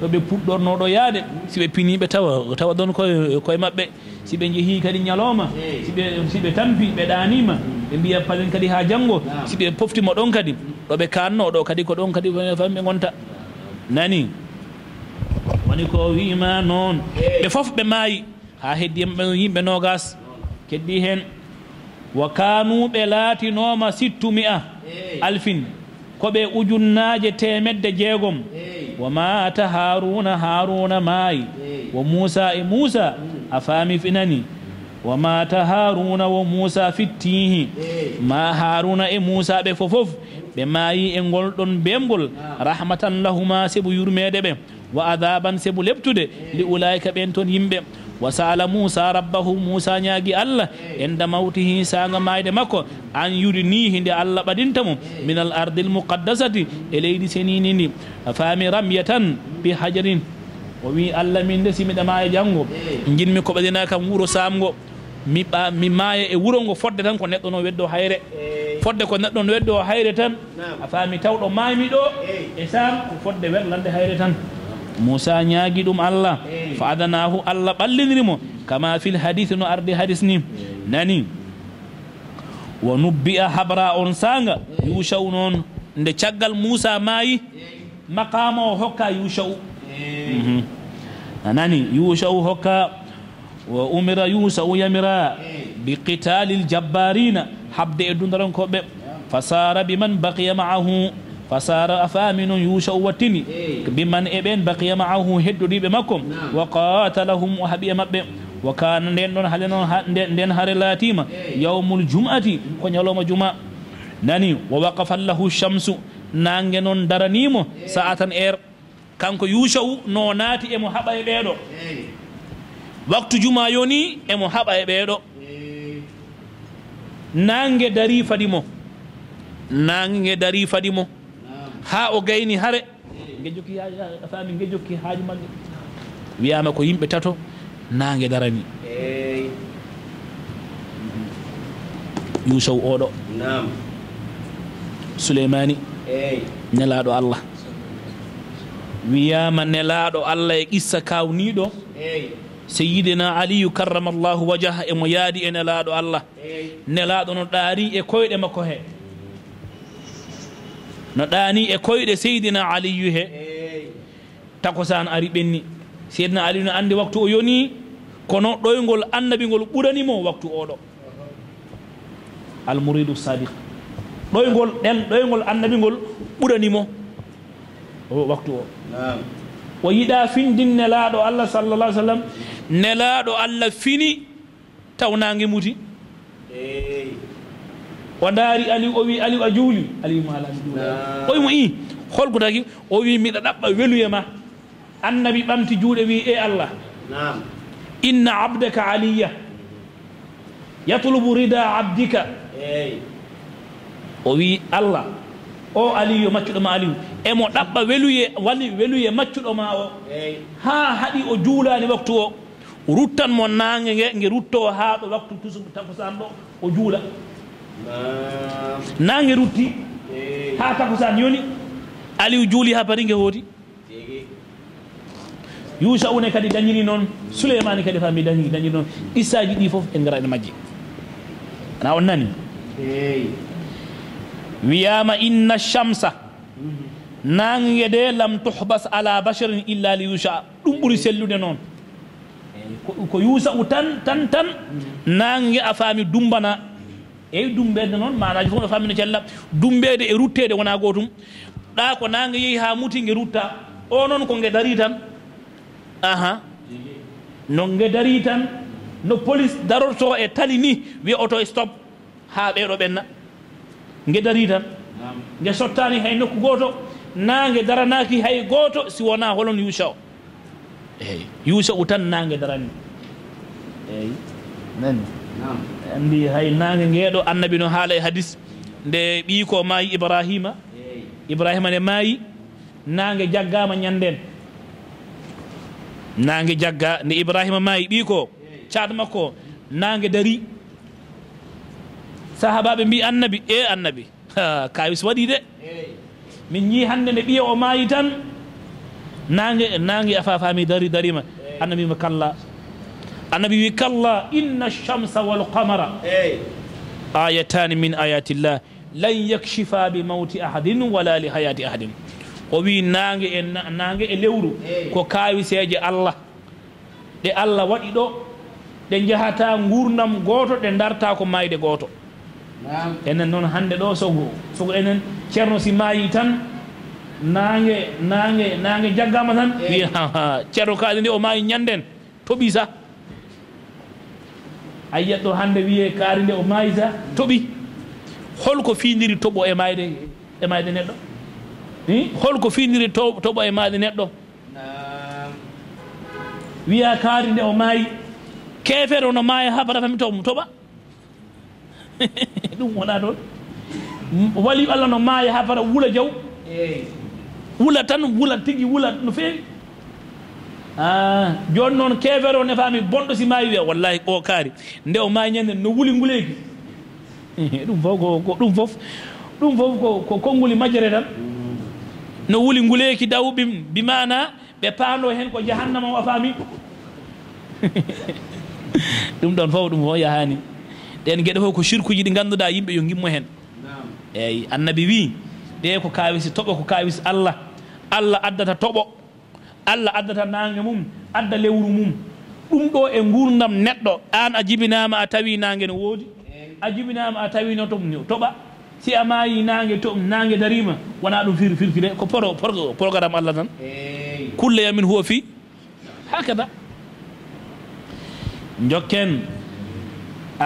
to ɓe puɗɗornoɗo yaade si ɓe piniɓe tawa tawa ɗon koye koye maɓɓe si ɓe jeehi kadi ñalawma si ɓe tampi ɓe ɗanima ɓe mbiya palen kadi ha janggo ɓe poftima ɗon kadi ɗo ɓe kanno ɗo kadi ko ɗon kadi fami ɓe gonta nani woni ko wiima noon ɓe fof ɓe maayi haa heddi yimɓe nogas keddi heen wa kanuɓe laatinoma sittu mi'a alfin ko ɓe ujunnaje temedde jeegom wa mata haruna haruna maayi wo musa e musa a faami finani wa mata haruna wo musa fittihi ma haruna e musa ɓe fofof ɓe maayi e ngolɗon bembol rahmatan lahuma sebu yurmede ɓe wa adaban sebo leptude li ulaika ɓen toon yimɓe wa sala moussa rabbahu moussa ñaagui allah enda mawtihi saga mayde makko an yurinihi nde allah ɓaɗinta mum min al ardil muqaddasati e leydi senini ndi faami ramya tan bi hajarin o wi allah min de simiɗa ma e janggo jinmi ko ɓadina kam wuuro samgo mi ɓa mi maaya e wuuro ngo fodde tan ko neɗɗo no weddo hayre fodde ko neɗɗo no weddo hayre tan a faami tawɗo mami ɗo e sam ko fodde welande hayre tan موسى نياغي دوم الله فأدناه الله بلنرمو كما في الحديث نو أرد حديث نيم ناني ونبئ حبراء سانغ يوشو نون nde caggal moussa maayi maqama o hokka yushau anani yushau hokka wa umira yusau yamira bi qitali ljabbarina habde e dundarankoɓe fasara biman baqiya maahu fasara afaminum yusha u wattini biman eɓen bakiya maahu hedduɗiɓe makkom wa qatalahum o haaɓi e mabɓe wa kana nden ɗon haale noon nden haare laatima yawmul jum'ati ko ñalowma juma nani wa waqafallahu chamsu nangue noon daranimo saa tan air er. kanko yusha u no naati emo haɓa e ɓeeɗo waktu juma yoni emo haɓa e ɓeeɗo nangue dari fadimo nangue dari fadimo ha o gayni hare ge jokki fami ge jokki haaju magge wiyama ko yimɓe tato nangue darani yusow oɗo souleymani nelaɗo allah wiyama nelaɗo allah e qissa kawniɗo seyidena aliyu karramallahu wajaha emo yaadi e nelaɗo allah nelaɗo no ɗaari e koyɗe makko he no dani e koyɗe seydina ali he takosan ari ɓenni sayidina ali no anndi waktu o yoni kono ɗoyngol annabi burani ɓuranimo waktu al muridu sadiq ɗoyngol den doyngol annabi ngol ɓuranimo waktu o o yiɗa findin nelaɗo allah alaihi sallam nelaɗo allah fini tawnange muti o daari aliou o wi aliou a juuli aliou maalami juuli o wi mo i holko taki o wi mbiɗa ɗaɓɓa weluye ma annabi ɓamti juuɗe wi e allah inna abdaka aliya yatlubu rida abdika o wi allah o aliyo maccuɗo ma aliou emo ɗaɓɓa weluye wali weluye maccuɗo ma o ha haɗi o juulani waktu o ruttan mo nange nge nge ruttoo ha ɗo waktu tusu takusan ɗo o juula nange rutti ha takusan yoni aliou juuli ha paringe hooti yusa une kadi dañini noon suleymane kadi fami dañiri non noon qissaji ɗi foof en gara e majje ana on nani wiyama inna chamsa mhm. nange de lam tuhbas ala basharin illa li yusha ɗum ɓuuri sellude noon ko yusa u tan tan tan mhm. afami a faami dumbana eyyi dumbede noon manaji fof no fammino cella dumbede e ruttede wona gotum ɗa ko nangue yeehi ha mutigue rutta o noon ko gue dari tan ahan no gue dari tan no police darorto e tali ni wiya oto e stop ha ɓeɗo ɓenna gue dari tan gue sottani hay nokku goto nangue daranaki hay goto si wona holon yusa o eyyi yusa u tan nangue darani eyyi nani andi hay nange ngeeɗo annabi no haala e hadis nde ɓii ko maayi ibrahima ibrahima nde maayi nange jaggama ñanden nange jagga nde ibrahima maayi ɓii ko caat makko nange dari sahabaɓe mbi annabi e annabi kawis waɗi de min ñii hande nde ɓiya o maayi tan nange nange afa faami dari darima annabima kalla annabi wi kalla inna chamsa wal qamara ayatani min ayatillah lan yakchifa bi mauti ahadin wala li hayati ahadin o wi nange e nange e lewru ko kawiseje allah ɗe allah waɗi ɗo ɗe jahata gurdam goto ɗe darta ko mayde goto enen noon hande ɗo sogo sogo enen ceerno si mayi tan nange nange nange jaggama tan wi ceerno kaadi nde o mayi ñanden toɓi sa a hande ɗo wiye kaari nde o mayta toɓi holko fiindiri toɓo e mayde e mayde neɗɗo i holko fiindiri toɓo e maade neɗɗo wiya kaari nde o maayi keefere ono maaya ha bata fami tomo toɓa ɗum wona toon wali allah no maaya ha bata wula jaw wula tan wula tigi wula no feewi Ah, joni noon keefere o nefaami bonɗo si maayi wiya wallahi o kaari nde o maayi ñande no wuli nguleyki eh, eh, ɗum fof ko ɗum fof ɗum fof ko konnguli majjere tan no wuli nguleyki dawɓi bimana ɓe paando heen ko jahannama o a faami ɗum ɗon fof ɗum fof yahani ɗen geɗe fof ko sirkuji ɗi ganduɗa yimɓe yo gimmo heen eyyi annabi wi ɗe ko kawisi toɓo ko kawisi allah allah addata toɓo allah addata nange mum adda lewru mum ɗum ɗo e gurdam neɗɗo an a jibinama a tawi nangue ne woodi a jibinama a tawino to toɓa si a mayi nangue to nangue darima wona ɗum fir firfire ko pro pro programme allah tan kulleyamin huwa fi hakada jokken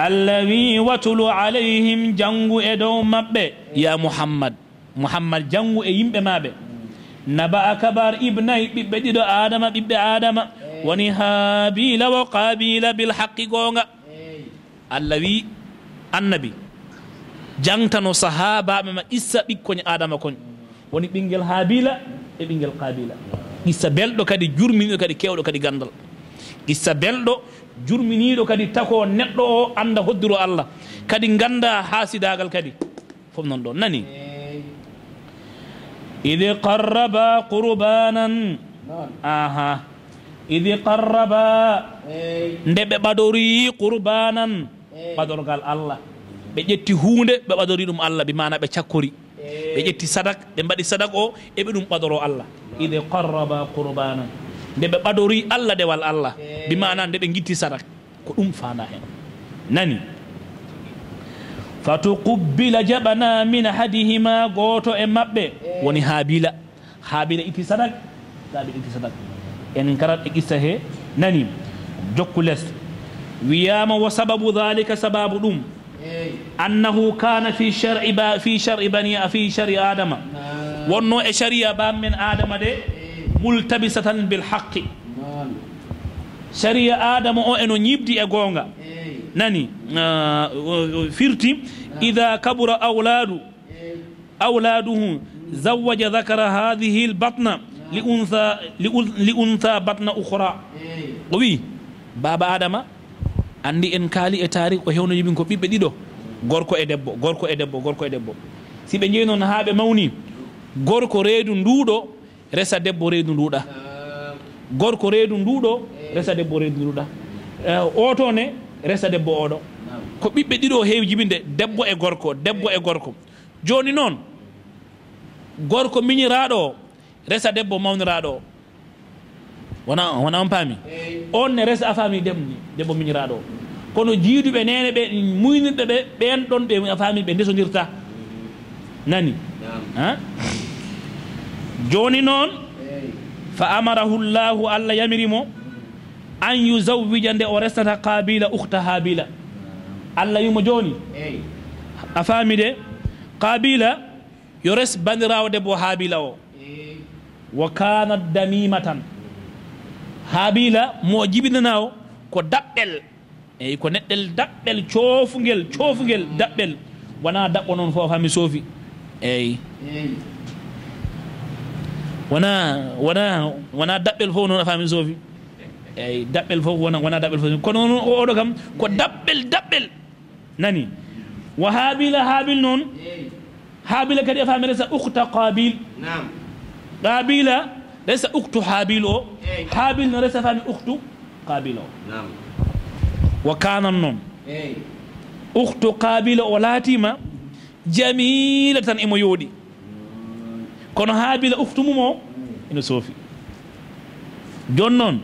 allawi watulu alayhim jangu e dow maɓɓe ya mouhammad mouhammad jangu e yimɓe maɓe نبأ كبار ابن بديد آدم بب آدم إيه. وني هابيل وقابيل بالحق غونغا إيه. اللوي النبي جانتنو صحابة ما إسا بكون آدم كون وني بينجل هابيل اي بينجل قابيل إسا بلدو كدي جرمينو كدي كيولو كدي غندل إسا بلدو jurminiiɗo kadi tako neɗɗo o annda hodduro allah kadi ganda haasidagal kadi fof noon ɗon nani idi qarraba qurbanan aha idi qarraba nde ɓe ɓadoriyi qurbanan ɓadorgal allah ɓe ƴetti hunde ɓe ɓadori ɗum allah ɓi mana ɓe cakkori ɓe ƴetti sadak ɓe mbaɗi sadak o eɓe ɗum ɓadoro allah idi qarraba qurbanan nde ɓe ɓadori allah dewal allah bi mana nde ɓe guitti sadak ko ɗum fana hen nani fatu qubbila jaɓana min ahadihima gooto e maɓɓe eh. woni haabila haabila itti sadak haabila itti sadak en karat e qissa he nani jokku les wiyama wo sababu dalika sababu ɗum annahu kana fi shari ba fi shari bani fi shari adama wonno e sharia bammen adama de multabisatan bilhaqi sharia adama o eno ñibdi e goonga nani uh, uh, firti ida kabura auladu auladuhum zawaja dhakara hadihi lbatna li untha batna ukhra o wi baba adama andi en kaali e taari ko hewno yimin ko ɓiɓɓe ɗiɗo gorko e debbo gorko e debbo gorko e debbo si ɓe jeyi noon ha ɓe mawni gorko reedu nduɗo resa debbo reedu nduɗa gorko reedu nduɗo resa debbo reedu nduɗa uh, oto ne resa debbo oɗo ko ɓiɓɓe ɗiɗo heewi jibinde debbo e gorko debbo e gorko joni noon gorko miñiraɗo o resa debbo mawniraɗo o wona wona on paami on ne resa a faami debbo ni debbo miñiraɗo o kono jiiduɓe nene ɓe muynirɗe ɓe ɓen ɗon ɓe a faami ɓe ndesodirta nani joni noon fa amarahu llahu allah yamirimo أن يزوج عند أورستها قابيلة أختها بيلة الله يمجوني إيه. أفهمي ده قابيلة يورس بندرا ودبو هابيلة إيه. وكانت دميمة هابيلة موجبيننا كدبل أي كنتل دبل شوفنجل شوفنجل دبل وانا دكونون فهمي سوفي أي إيه. وانا وانا وانا دبل فهمي سوفي eyi daɓɓel fof wona wona daɓɓel fof kono noon oɗo kam ko daɓɓel daɓɓel nani wa habila habil noon habila kadi e famere sa ukta qabil qabila resa uktu habil o habil no resa fami uktu qabil o wa kanan noon uktu qabila o laatima jamila tan emo yooɗi kono haabila uktu mum o ene soofi jon noon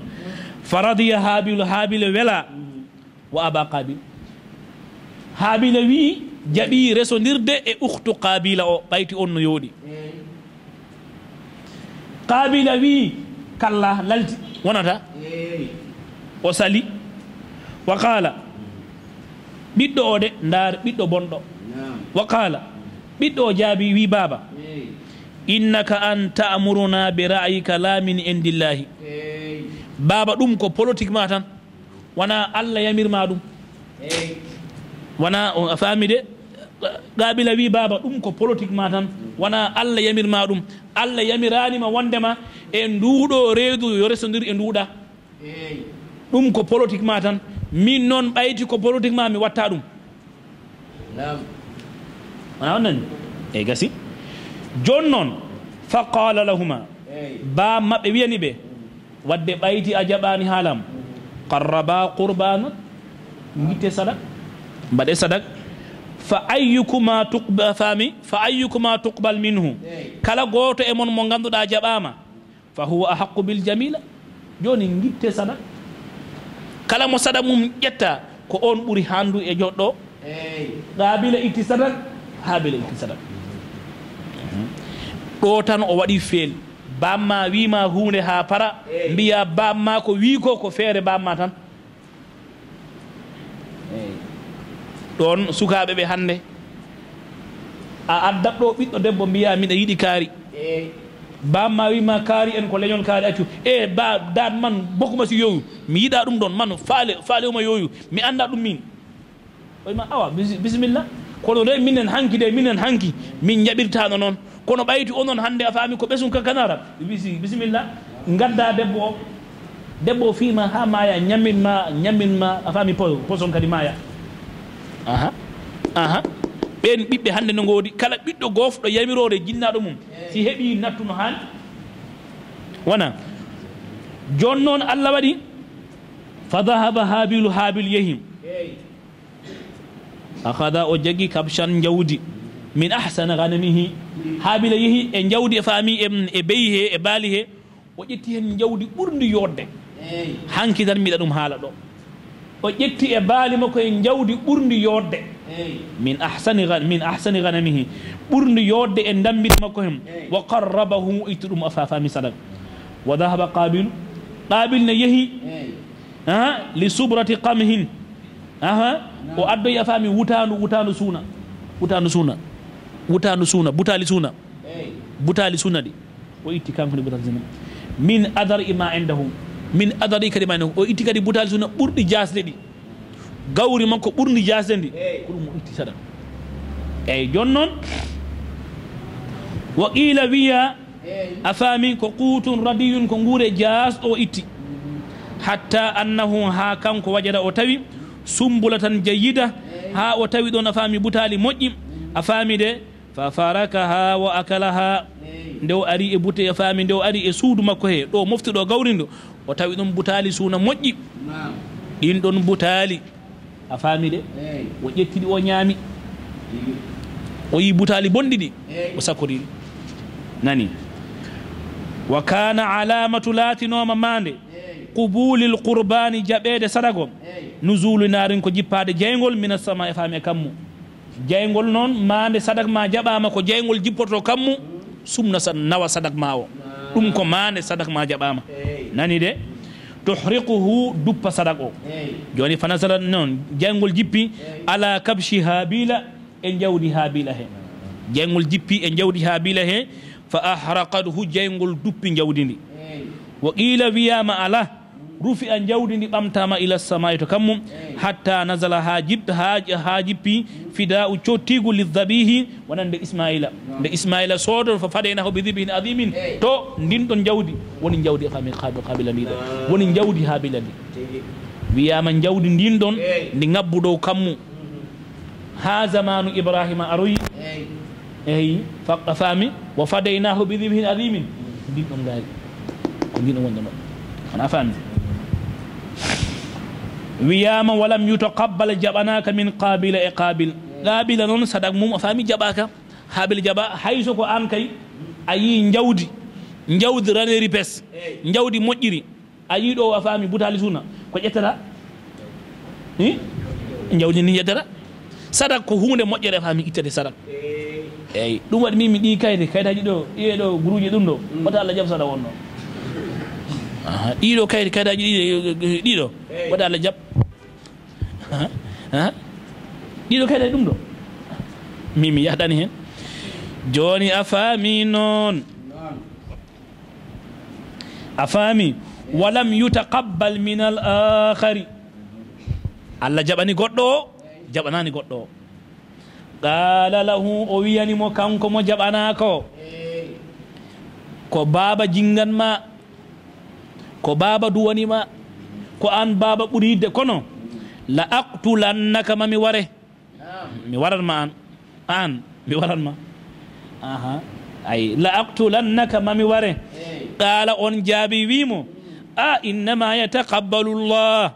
فرضي هابيل هابيل ولا وابا قابيل هابيل وي جابي رسونيرد اخت قابيل او بايتي اون يودي قابيل وي كلا لالت ونتا إيه. وسالي وقال بيدو دي ندار بيدو بوندو نعم. وقال بيدو جابي وي بابا إيه. انك انت امرنا برايك لا من عند الله إيه. baaba ɗum ko politique ma tan wona allah yamirma ɗum wona a faami de gaɓila wi baaba ɗum ko politique ma tan wona allah yamirma ɗum allah yamiranima wondema e nduuɗo reedu yo resodir e nduuɗa ɗum ko politique ma tan min noon ɓayti ko politique ma mi watta ɗum wona on nani eyyi gasi jooni noon fa qala lahuma ba maɓɓe wiyani ɓe wadde ɓayti a jaɓani haalam qarraba qurbanu guitte sadak mbaɗe sadak fa ayukuma tuqba fami fa ayukuma tuqbal minhu kala goto e mon mo ganduɗa jaɓama fa huwa ahaqu bil jamila joni guitte sadak kala mo sada mum ƴetta ko on ɓuuri handu e joɗɗo qabila itti sadak habila itti sadak ɗo tan o waɗi feel bamma wima hunde ha para mbiya bamma ko wiiko ko feere bamma tan ɗon sukaɓe ɓe hannde a addat ɗo ɓiɗɗo debbo mbiya miɗa yiɗi kaari bamma wima kaari en ko leñol kaari accu e ba dan man bokkuma si yowyu mi yiɗa ɗum ɗon man faale faale uma yowyu mi anda ɗum min oyma awa bisimilla kono de minen hanki de minen hanki min jaɓirtano noon kono bayti onon hande a faami ko ɓesum ka kanara bisi bismillah ngadda debbo debbo fiima ha maya maaya ñamminma ñamminma a faami po poson kadi maya aha aha ben bibbe hande no ngoodi kala biddo ɓiɗɗo goofɗo yamirore jinnaɗo mum si hebi nattuno haani wona joni noon allah wadi fa dahaba habilu habil yehim ahada o jagui kabsan jawdi من أحسن غنمه هابلا يه إنجودي فامي إم إبيه إباليه وجدتي إنجودي برد يورد إيه. هانك ذا ميدانم حالدو وجدتي إبالي مكو إنجودي برد يورد إيه. من أحسن غن من أحسن غنمه برد يورد إن دم بدمكهم إيه. وقربه إترم أفافامي سلام وذهب قابل قابل نيه ها أه؟ لصبرة قامهن أه؟ نعم. ها وأدو يفامي وطانو وطانو سونا وطانو سونا wutanu suuna butali suuna butali suuna ɗi o itti kankone butali suuna min adar ima indahum min adari kadi ma o itti kadi butali suuna ɓurɗi jasde ɗi gawri makko ɓurdi jasde ndi ko ɗum o itti saɗa eyyi joni noon wa qila wiya a faami ko quutun radiyun ko nguure jasɗo o itti hatta annahu ha kanko wajata o tawi sumbula tan jeyyida ha o tawi ɗon a faami butali moƴƴi a faami de fa farakaha wo akalaha nde o ari e bute e faami nde o ari e suudu makko he ɗo mofti ɗo gawri ndo o tawi ɗum butaali suuna moƴƴi ɗin ɗon butaali a faami de o ƴettiɗi o ñaami o yi butaali bonɗi ɗi o sakoriɗi nani wa kana alamatu laatinoma mande qubulil qurbani jaɓede sadagom nousulu naarin ko jippade jeygol mina sama e faami e kammu jaygol noon ma nde sadak ma jaɓama ko jaygol jippoto kammu sumna sa nawa sadak ma o ɗum ko ma nde sadak ma jaɓama nani de tuhriquhu duppa sadak o joni fana sadak noon jaygol jippi ala kabshi habila e jawdi habila he jaygol jippi e jawdi habila he fa ahraqathu jaygol duppi jawdi ndi wa qila wiyama ala rufi an jawdi ni bamtama ila samai to kammum hatta nasala ha jib ha ha jippi fida u cottigu lidabihi wonande ismaila de ismaila soodor fa faɗena ho bidibin adimin to ndin ndinɗon jawdi woni jawdi khami kabila ndiɗo woni jawdi habila ndi man jawdi ndin don ni ngabbu dow kammu ha zamanu ibrahima aroyi eyi faqa faami wa fadaynahu bidibhin adimin ndin don ngaari ko ndin ɗon wondono ana fami wiyama walam yutaqabbal jaɓanaka min qabila e qabil qabila noon sadak mum o fami jaɓaka haabil jaɓa hayso ko an kay a yi jawdi jawdi raneri pes jawdi moƴƴiri a yi ɗo a fami butali suna ko ƴettata i jawdi ni ƴettata sadak ko hunde moƴƴere fami ittede sadak eyyi ɗum waɗi mimi ɗi kayde kaytaji ɗo iye ɗo groueji ɗum ɗo wata allah jaɓ sada wonno ɗiɗo kayde kaytaji ɗiɗo wata allah jaɓ ɗiɗo kadi ɗum ɗo mi mi yaɗani hen joni a faami noon a faami walam yutaqabbal min al akhari allah jaɓani goɗɗo o jaɓanani goɗɗo o qala lahu o wiyanimo kanko mo jaɓanako ko baaba jinganma ko baaba duwanima ko an baaba ɓuri yidde kono la aqtulannaka ma mi ware mi waran ma an an mi waran ma aha ay la aqtulannaka ma mi ware qala on jaabi wimo a innama yataqabbalu llah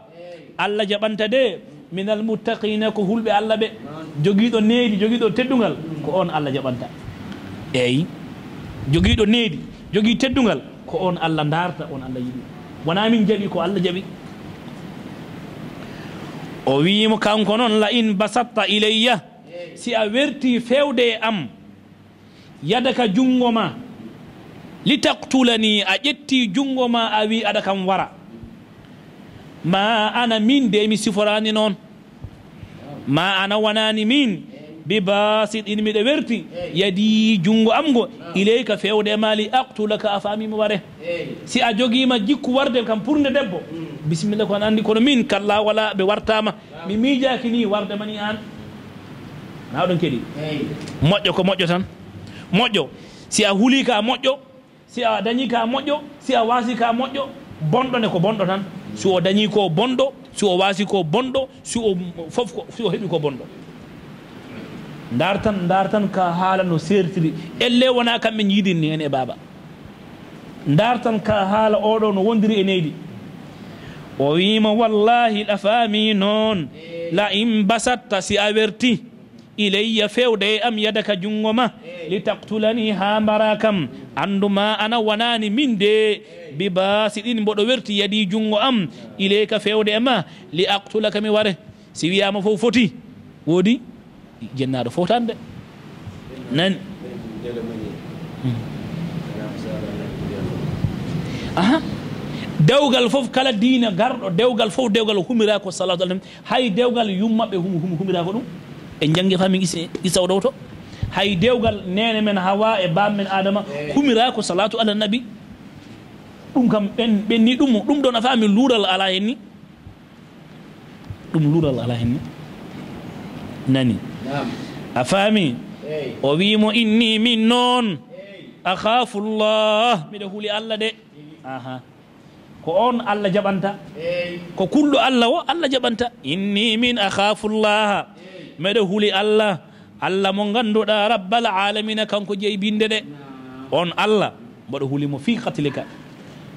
allah jaɓanta de min almuttaqina ko hulɓe allah ɓe jogiiɗo needi jogiiɗo teddungal ko on allah jaɓanta eyi jogiiɗo needi jogii teddungal ko on allah ndaarta on allah yiɗi wonaa min jaɓi ko allah jaɓi o wiimo kanko noon la in basatta ileyya si a werti fewde e am yada ka junngo ma li taktulani a ƴetti junngo ma a wi aɗa kam wara ma ana min de mi siforani noon ma ana wanani min bi basitin miɗa werti yadi junngo amgo iley ka fewde ma li aktulaka a famimo ware si a jogima jikku warde kam pour nde debbo bisimilla ko an anndi kono min kalla wala ɓe wartama mi miijaki ni warde mani an na oɗon keeɗi moƴƴo ko moƴƴo tan moƴƴo si a huuli ka moƴƴo si a dañi ka moƴƴo si a waasi ka moƴƴo ne ko bonɗo tan si o dañi ko bonɗo si o waasi ko bonɗo si o fof si o heɓi ko bonɗo ndar tan ndar tan ka haala no sertiri elle wona kamɓe jiidinni hen e baaba ndar tan ka haala oɗo no wondiri e neydi ويما والله الأفامي نون لا إن بسطت سأبرتي إلي فودي أم يدك جنوما لتقتلني هامراكم عندما أنا وناني من دي بباسط إن بدورتي يدي جنو أم إليك فودي أما لأقتلك مواره سيويا مفوفتي ودي جنار فوتان دي نن أها dewgal fof kala diina garɗo dewgal fof dewgal humira ko sallahu alih hay dewgal yummaɓe hum hum humira ko ɗum en jangi famin isaw ɗow to hay dewgal nene men hawa e bam adama humira ko salatu ala nabi ɗum kam ɓen ɓenni ɗum ɗum ɗon a luural ala hen ni ɗum luural ala hen ni nani a faami o wimo inni min noon akhafu llah miɗa huuli allah de aha uh -huh. ko on allah jaɓanta ko kulɗo allah o allah jaɓanta inni min akhafullaha meɗo huuli allah allah mo ganduɗa rabbal alamina kanko jeeyi binde ɗe on allah mboɗo huulimo fi katlika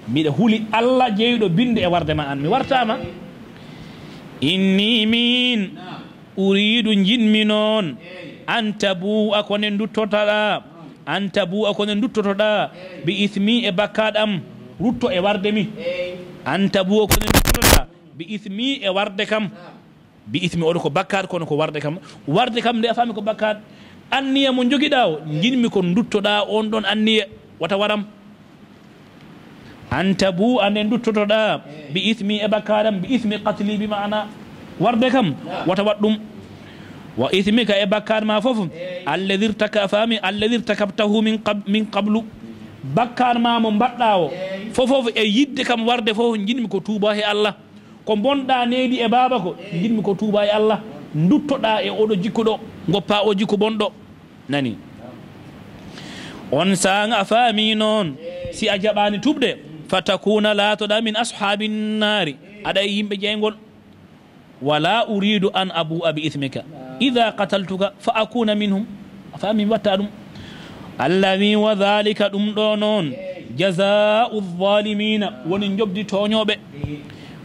miɗa huuli allah jeeyiɗo binde e warde ma an mi wartama inni min uridu jinmi noon an tabuua kone duttotoɗa an tabuua kone duttotoɗa bi ismi e bakkaɗam rutto e warde mi an tabuwo kono mi torata bi ismi e warde kam bi ismi oɗo ko bakkat kono ko warde kam warde kam nde a faami ko bakkat anniya mo jogiɗa o jinmi ko duttoɗa on ɗon anniya wata waram an tabu ande duttotoɗa bi ismi e bakkaram bi ismi qatli bi mana warde kam wata wat wa ismika e bakkar ma fof alladi irtaka a faami alladi irtakabtahu min qablu bakkanma mo mbaɗɗa o fofof e yidde kam warde fof jinmi ko tuuba he allah ko bonɗa needi e baba ko jinmi ko tuuba e allah duttoɗa e oɗo jikkuɗo goppa o jikku bonɗo nani on sang a faami noon si a jaɓani tuɓde fa takuna laatoɗa min ashabi nnaari aɗa e yimɓe jeygol wala uridu an abu abi ithmika ida qataltuka fa akuna minhum a faami mi watta ɗum allah wi wa dalika ɗum ɗo noon jasa'u zalimina woni jobdi toñoɓe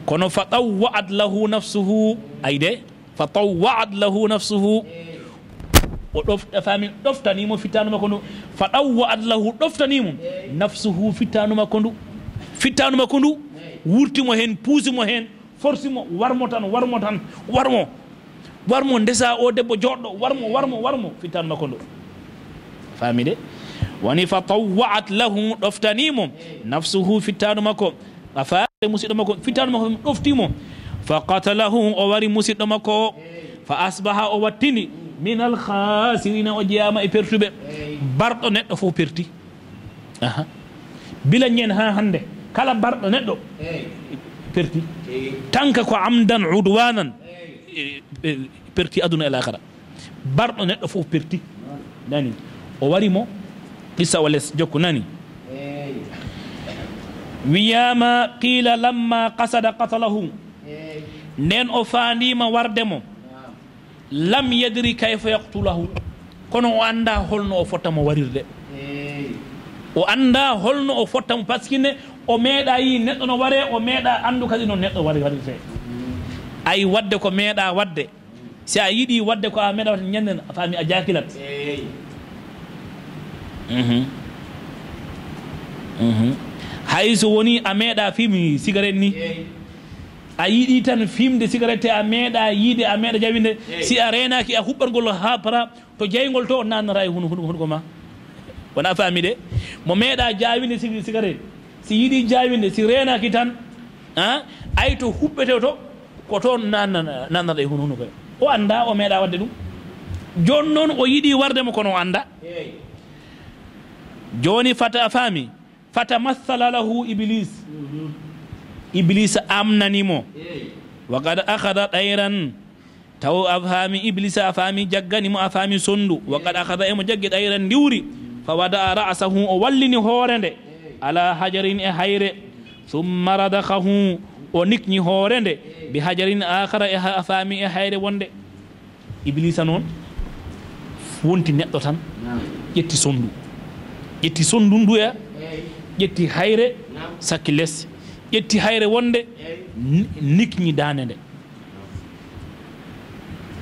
kono fa tawwa'at lahu nafsuhu ay de fa tawwa'at lahu nafsuhu o ɗofami e ɗoftanimo fittanuma ko ndu fa tawwa'at lahu ɗoftanimo nafsuhu fittanuma ko ndu fittanuma ko ndu wurtimo hen puusimo hen forcimo warmo tan warmo tan warmo warmo ndesa o debbo joɗɗo warmo warmo warmo fittanuma ko ndu famide woni fa tawwa'at lahu ɗoftanimo nafsuhu fittanu makko a faare musidɗo makko fittanu makko ɗum ɗoftimo fa qatalahu o wari musidɗo makko o fa asbaha o wattini min alkhasirina o jeyama e pertuɓe barɗo neɗɗo fof perti aha bilañ en ha hannde kala barɗo neɗɗo perti tanka ko amdan udwanan perti aduna e l' akhara barɗo neɗɗo fof perti dani o wari mo isa o les jokku nani wiyama qila lamma kasada katalahu nden o fandima warde mo lam yadri kayfa yaktulahu kono o anda holno o fottamo warirde o anda holno o fottamo par ce que ne o meeɗa yi neɗɗo no ware o meeɗa andu kadi no neɗɗo warirte ayi wadde ko meeɗa wadde si a yiiɗi wadde ko a meeɗa ñanden fami a jakilat mm mm-hmm. so mm-hmm. woni a meeɗa fimi cigarette ni a yiiɗi tan fimde cigarette a meeɗa yiide a meeɗa si a renaki a huɓɓatgol ha para to jeygol to o nannata hun huno huɗko ma Wana faami de mo meeɗa jawinde cigarette si yidi jawinde si renaki tan a ay to huɓɓete to ko toon nannata e huno huno o annda o meeɗa wadde ɗum joni noon o yiiɗi wardemo kono o annda joni fata a faami fatamathala lahu iblis iblis amnanimo wa qad ahada ɗayran taw a faami iblis a faami jagganimo a faami sonndu wa qad ahada emo jaggi ɗayran ndiwri fa wada a rasahu o wallini hoore nde ala hajarin e hayre summa radahahu o nikñi hoore nde bi hajarin akhara e a faami e hayre wonde iblisa noon wonti neɗɗo tan ƴetti sonndu ƴetti son sonndunnduya ƴetti hayre sakki lessi ƴetti hayre wonde nikñi dande nde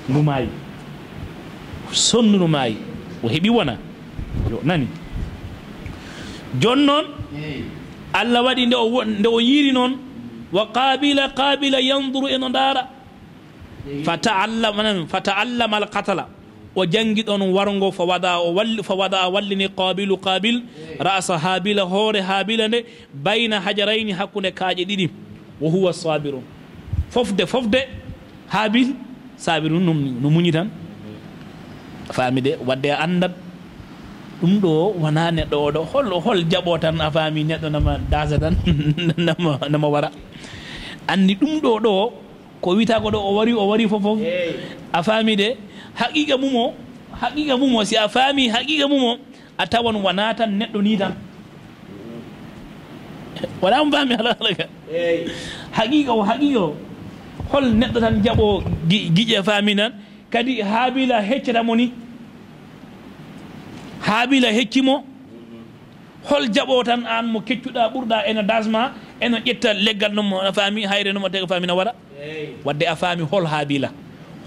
ndu maayi sonnu no maayi o heɓi wona yo nani joni noon allah waɗi nde nde o yiiri noon wa qabila qabila yanduru eno ndaara fataallama fataallama al qatala o jangi ɗon warngo fo waɗa o fo waɗa wallini qabilu qabil rasa haabila hoore haabila nde bayna hajarayni hakkunde kaaƴe ɗiɗi wo huwa sabiru fofde fofde haabil sabiru num no muñi tan faami de wadde a anndat ɗum ɗo wona neɗɗo oɗo hol hol jaɓo tan a faami neɗɗo nama dasa tan nama nama wara anndi ɗum ɗo ɗo ko wiyta ko ɗo o wari o wari fof fof a faami de haqiqa mum o haqiqa mum o si a faami haqiqa mum o a tawan wona tan neɗɗo ni tan waɗama mbami alaalaga haqiqa o haqiqa o hol neɗɗo tan jaɓo giƴe faami nan kadi haabila heccatamo ni haabila heccimo hol jaɓo tan an mo keccuɗa ɓurɗa ene dasma ene ƴetta leggal nomo faami hayre nomo tega faami na waɗa wadde a faami hol haabila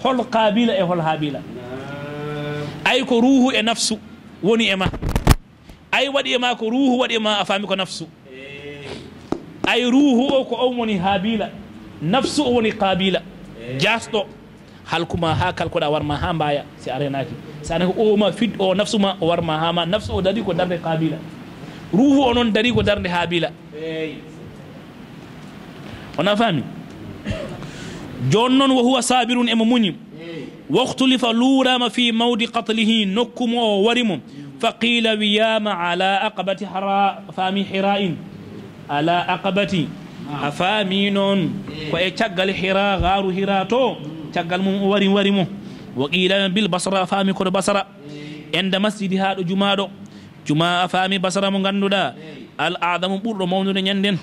hol qabila e hol habila ay ko ruhu e nafsu woni e ma ay waɗi e ma ko ruhu waɗi e ma a faami ko nafsu ay ruhu o ko on woni habila nafsu o woni qabila jasɗo halkuma ha kalkoɗa warma ha mbaya si a renaki sa ani ko oma fid o nafsu ma o warma hama nafsu o dari ko darde qabila ruhu o noon dari ko darde habila ona faami joni noon wo huwa sabirun emo muñi waktulifa luurama fi mawdi qatlihi nokku mo o wari mo fa qila wiyama ala aqabati fami hira in ala aqabati a faami noon ko e caggal hira gaaru hira to caggal mum o wari wari mo wo qilama bil basra a faami koto basara enda masjidi ha ɗo jumaɗo juma a faami basara mo ganduɗa al adamu ɓurɗo mawnude ñanden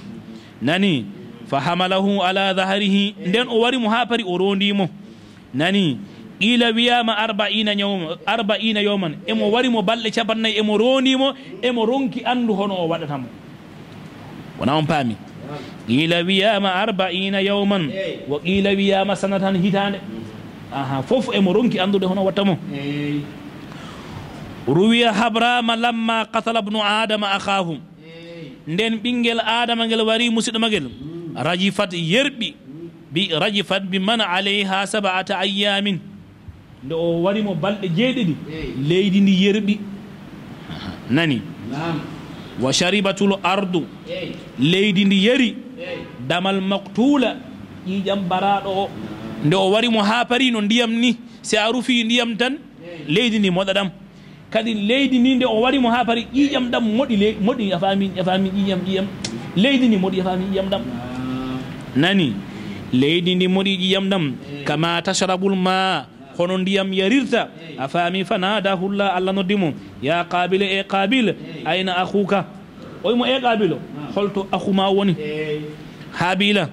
nani fahamalahu ala zaharihi nden o wari mo ha pari o rondimo nani qila wiyama arbaina yawma arbaina yawman emo wari mo balɗe capannayyi emo rondimo emo ronki andu hono o waɗatamo wona on paami qila wiyama arbaina yawman wo qila wiyama sana tan hitande aha fof emo ronki andude hono watta mo ruwiya habrama lamma qatala bnu adama akahum nden ɓinguel adama ngel wari musidɗo ma guel rajifat yerɓi bi rajifat bi man aleyha sabata ayamin nde o warimo balɗe jeeɗiɗi leydi ndi yerɓi nani wa charibatul ardu leydi ndi yeri damal maktula ƴiƴam baraɗo o nde o warimo ha pari no ndiyam ni si a rufi ndiyam tan leydi ndi moɗaɗam kadi leydi ni nde o warimo ha pari ƴiƴam ɗam moɗi moɗi a famin a famin ƴiƴam ƴiƴam leydi ndi moɗi a famin ƴiƴam ɗam nani leydi ndi moɗiji yam kama tasharabul ma hono ndiyam yarirta afami faami fanadahulla allah noddimo ya qabil e qabil akhuka o mo e qabilo holto akuma woni habila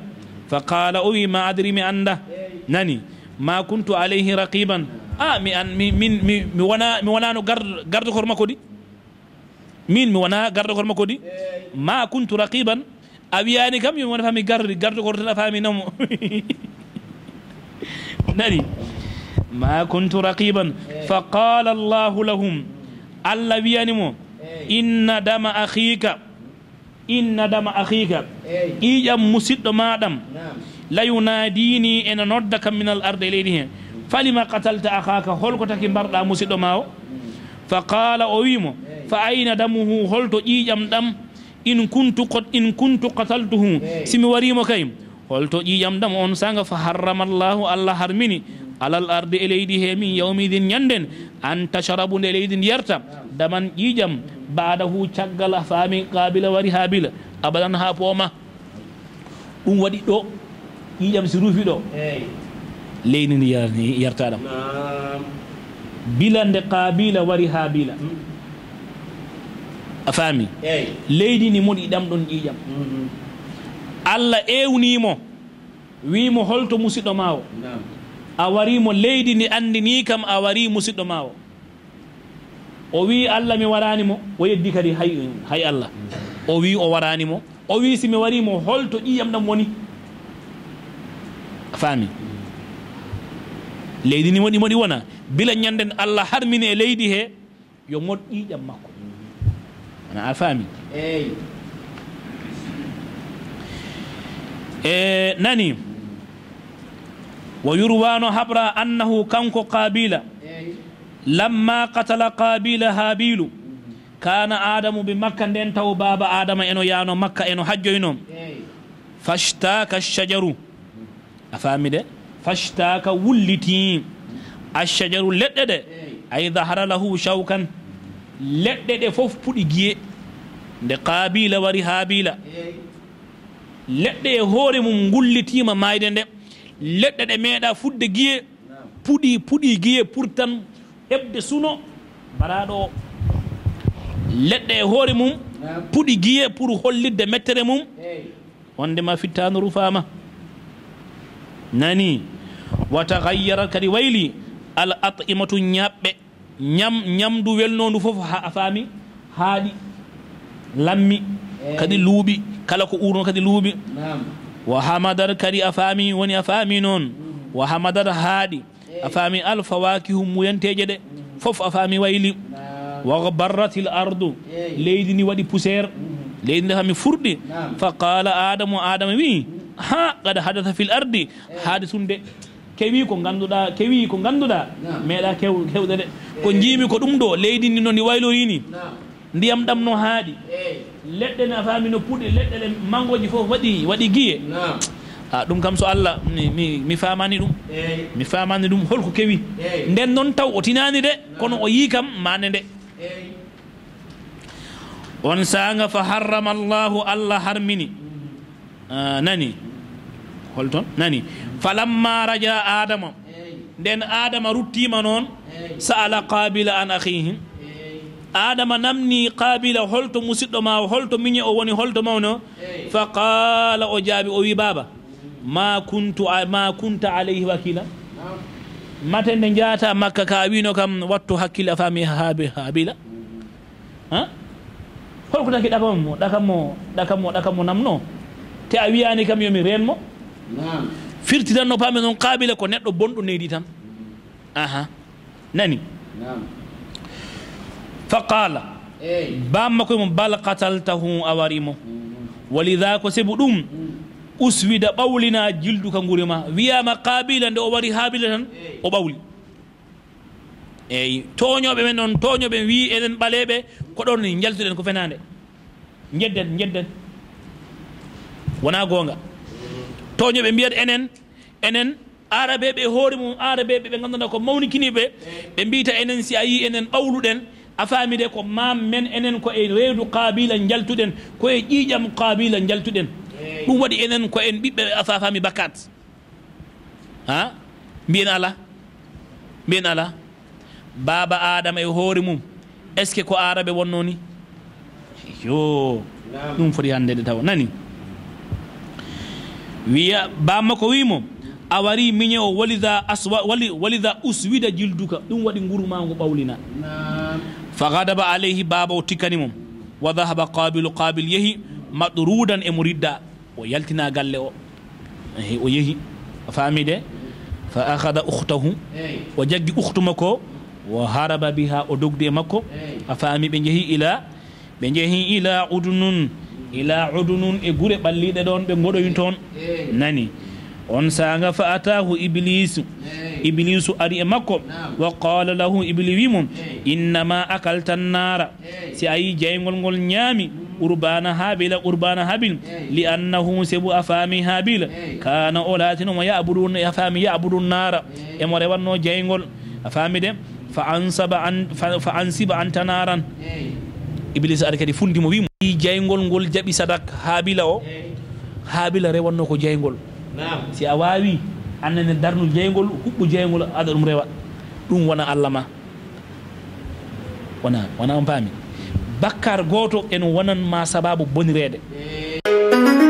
fa qala o ma adri mi anda nani ma kuntu alayhi raqiban a mi an mi min mi mi wana no wonano garde kor makodi min mi wana garde kor makodi ma kuntu raqiban abiyani kam yum wona fami gardi gardo gortona faminamo nani ma kuntu raqiban fa qala allahu lahum allah wiyanimo inna dama akhika inna dama akhika ƴiƴam musidɗo maɗam la yunadini ene nodda kam min al arde e leydi hen falima qatalta akhaka holko taki mbarɗa musidɗo ma o fa qala o wimo fa ayna damuhu holto ƴiƴam ɗam in kuntu qod in kuntu kataltuhum simi warimo kay holto ƴiƴam ɗam on saga fa harrama llahu allah harmini alal arde e leydi he min yawmidin ñanden an tacarabu nde leydi ndiyarta daman ƴiƴam baada hu caggal faami qabila wari haabila abadan ha pooma ɗum waɗi ɗo ƴiƴam si ruufi ɗo leydi ndi yarni yarta ɗam bila nde qabila wari haabila hmm. a faami leydi ni moɗi ɗam ɗon ƴiiƴam mm-hmm. allah ewnimo wimo holto musidɗo ma o a warimo leydi ndi andini kam a wari musidɗo ma o o wi allah mi waranimo o yeddi kadi hay hay allah o wi o waranimo o wi simi warimo holto ƴiyam ɗam woni a faami leydi ni moɗi moɗi wona bila ñanden allah harmini e leydi he yo moɗ ƴiƴam makko انا afahami اي e nani ويروان حبر أنه كانك قابيل إيه. لما قتل قابيل هابيل كان آدم بمكة دين تو بابا آدم إنو يانو مكة إنو حج إنو إيه. فاشتاك الشجر أفهمي ده فاشتاك ولتي الشجر لدده إيه. أي ظهر له شوكا leɗɗe ɗe fof puɗi guiye nde qabila wari habila leɗɗe e hoore mum gullitima mayde nde leɗɗe ɗe meeɗa fudde guiye puɗi puɗi guiye pour tan heɓde suno mbaraɗo o leɗɗe e hoore mum puɗi guiye pour hollidde mettere mum wondema fittano rufama nani wa taxayyara kadi wayli al atimatu ñaɓɓe ñam ñamdu welnodu fof a faami haaɗi lammi kadi luuɓi kala ko uurno kadi luuɓi wa hamadar kadi a faami woni a faami noon wa hamadar haaɗi a faami alfawakihu muyanteje ɗe fof a faami wayli wa barratil ardu leydi ndi waɗi poussiére leydi ndi faami furɗi fa qala adamu adama wi ha qad hadatha fil ardi haade sunde kewi ko ganduda kewi ko ganduda meeda kew kewde de ko jiimi ko ɗum ɗo leydi ni no waylori ni ndiyam ɗam no haaɗi leɗɗe na fami no puɗɗi leɗɗe le mangoji fof waɗi waɗi guiye a ɗum kam so allah mi famani ɗum mi famani ɗum holko kewi nden noon taw o tinani de kono o yi kam mane nde on sanga fa harrama allah allah harmini mhm. ah, nani holton nani falamma raja adama nden adama ruttima noon sa'ala qabila an ahihim adama namni qabila holto musidɗo ma holto miñe o woni holto mawno fa qala o jaabi o wi baba ma kuntu ma kunta alayhi wakila matende nde jaata makka ka wino kam wattu hakkille fami habi habila ha holko taki ɗakam mo ɗakam mo mo mo namno te a wiyani kam yomi renmo no pamen on qabila ko neɗɗo bonɗo neydi tan aha nani fa qala bamma ko mum bal qataltahu a warimo walida ko sebu ɗum hmm. uswida ɓawlina jilduka wiya wiyama qabila nde o wari habila tan o ɓawli eyi toñoɓe men noon toñoɓe wi enen ɓaleɓe ko ni jaltuɗen ko fenande jedden jedden wona gonga toño ɓe mbiyata enen enen arabe ɓe hoore mum arabe ɓe ɓe ganduna ko mawnikiniɓe ɓe mbita enen si a yi enen ɓawluɗen a famide ko mam men enen ko e reedu kabila jaltuɗen koye ƴiƴam kabila jaltuɗen ɗum waɗi enen ko en ɓiɓɓe afa fami bakat ha mbiyen ala mbiyen ala baba adama e hoore mum est ce que ko arabe wonno ni yo ɗum foti hande de taw nani wiya bamma ko wimo awari miñe o walida aswa wali walida uswida jilduka ɗum waɗi gurmago ɓawlina fa gadaba alayhi baba o tikkanimo wa dahaba qabilu qabil yeehi maɗɗo ruudan emo ridda o yaltina galle o ey o yeehi a famide fa ahada uhtahu o jaggi uhtu makko wo haraba biha o dogdi e makko a fami ɓe jeehi ila ɓe jeehi ila udnun ila udunun e gure ballide don be goɗoyin toon nani on sanga fa atahu iblis iblis ari e makko wa qala lahu ibli wimum innama akaltan nara si ay yi jeygol ngol nyami urbana habila urbana habil li annahu sebu afami habila kana o ma yabudun afami faami yabudun nara emo rewanno jeygol a faami de fa ansaba an fa ansiba antanaran iblis ari kadi fundimo wimo i jaygol ngol jaɓi sadak haabila o haabila rewanno ko jaygol si a wawi annene darnu jeygol huɓɓu jeygol aɗa ɗum rewa ɗum wona allah ma wona wona on paami bakkar goto en wonan ma sababu bonirede hey.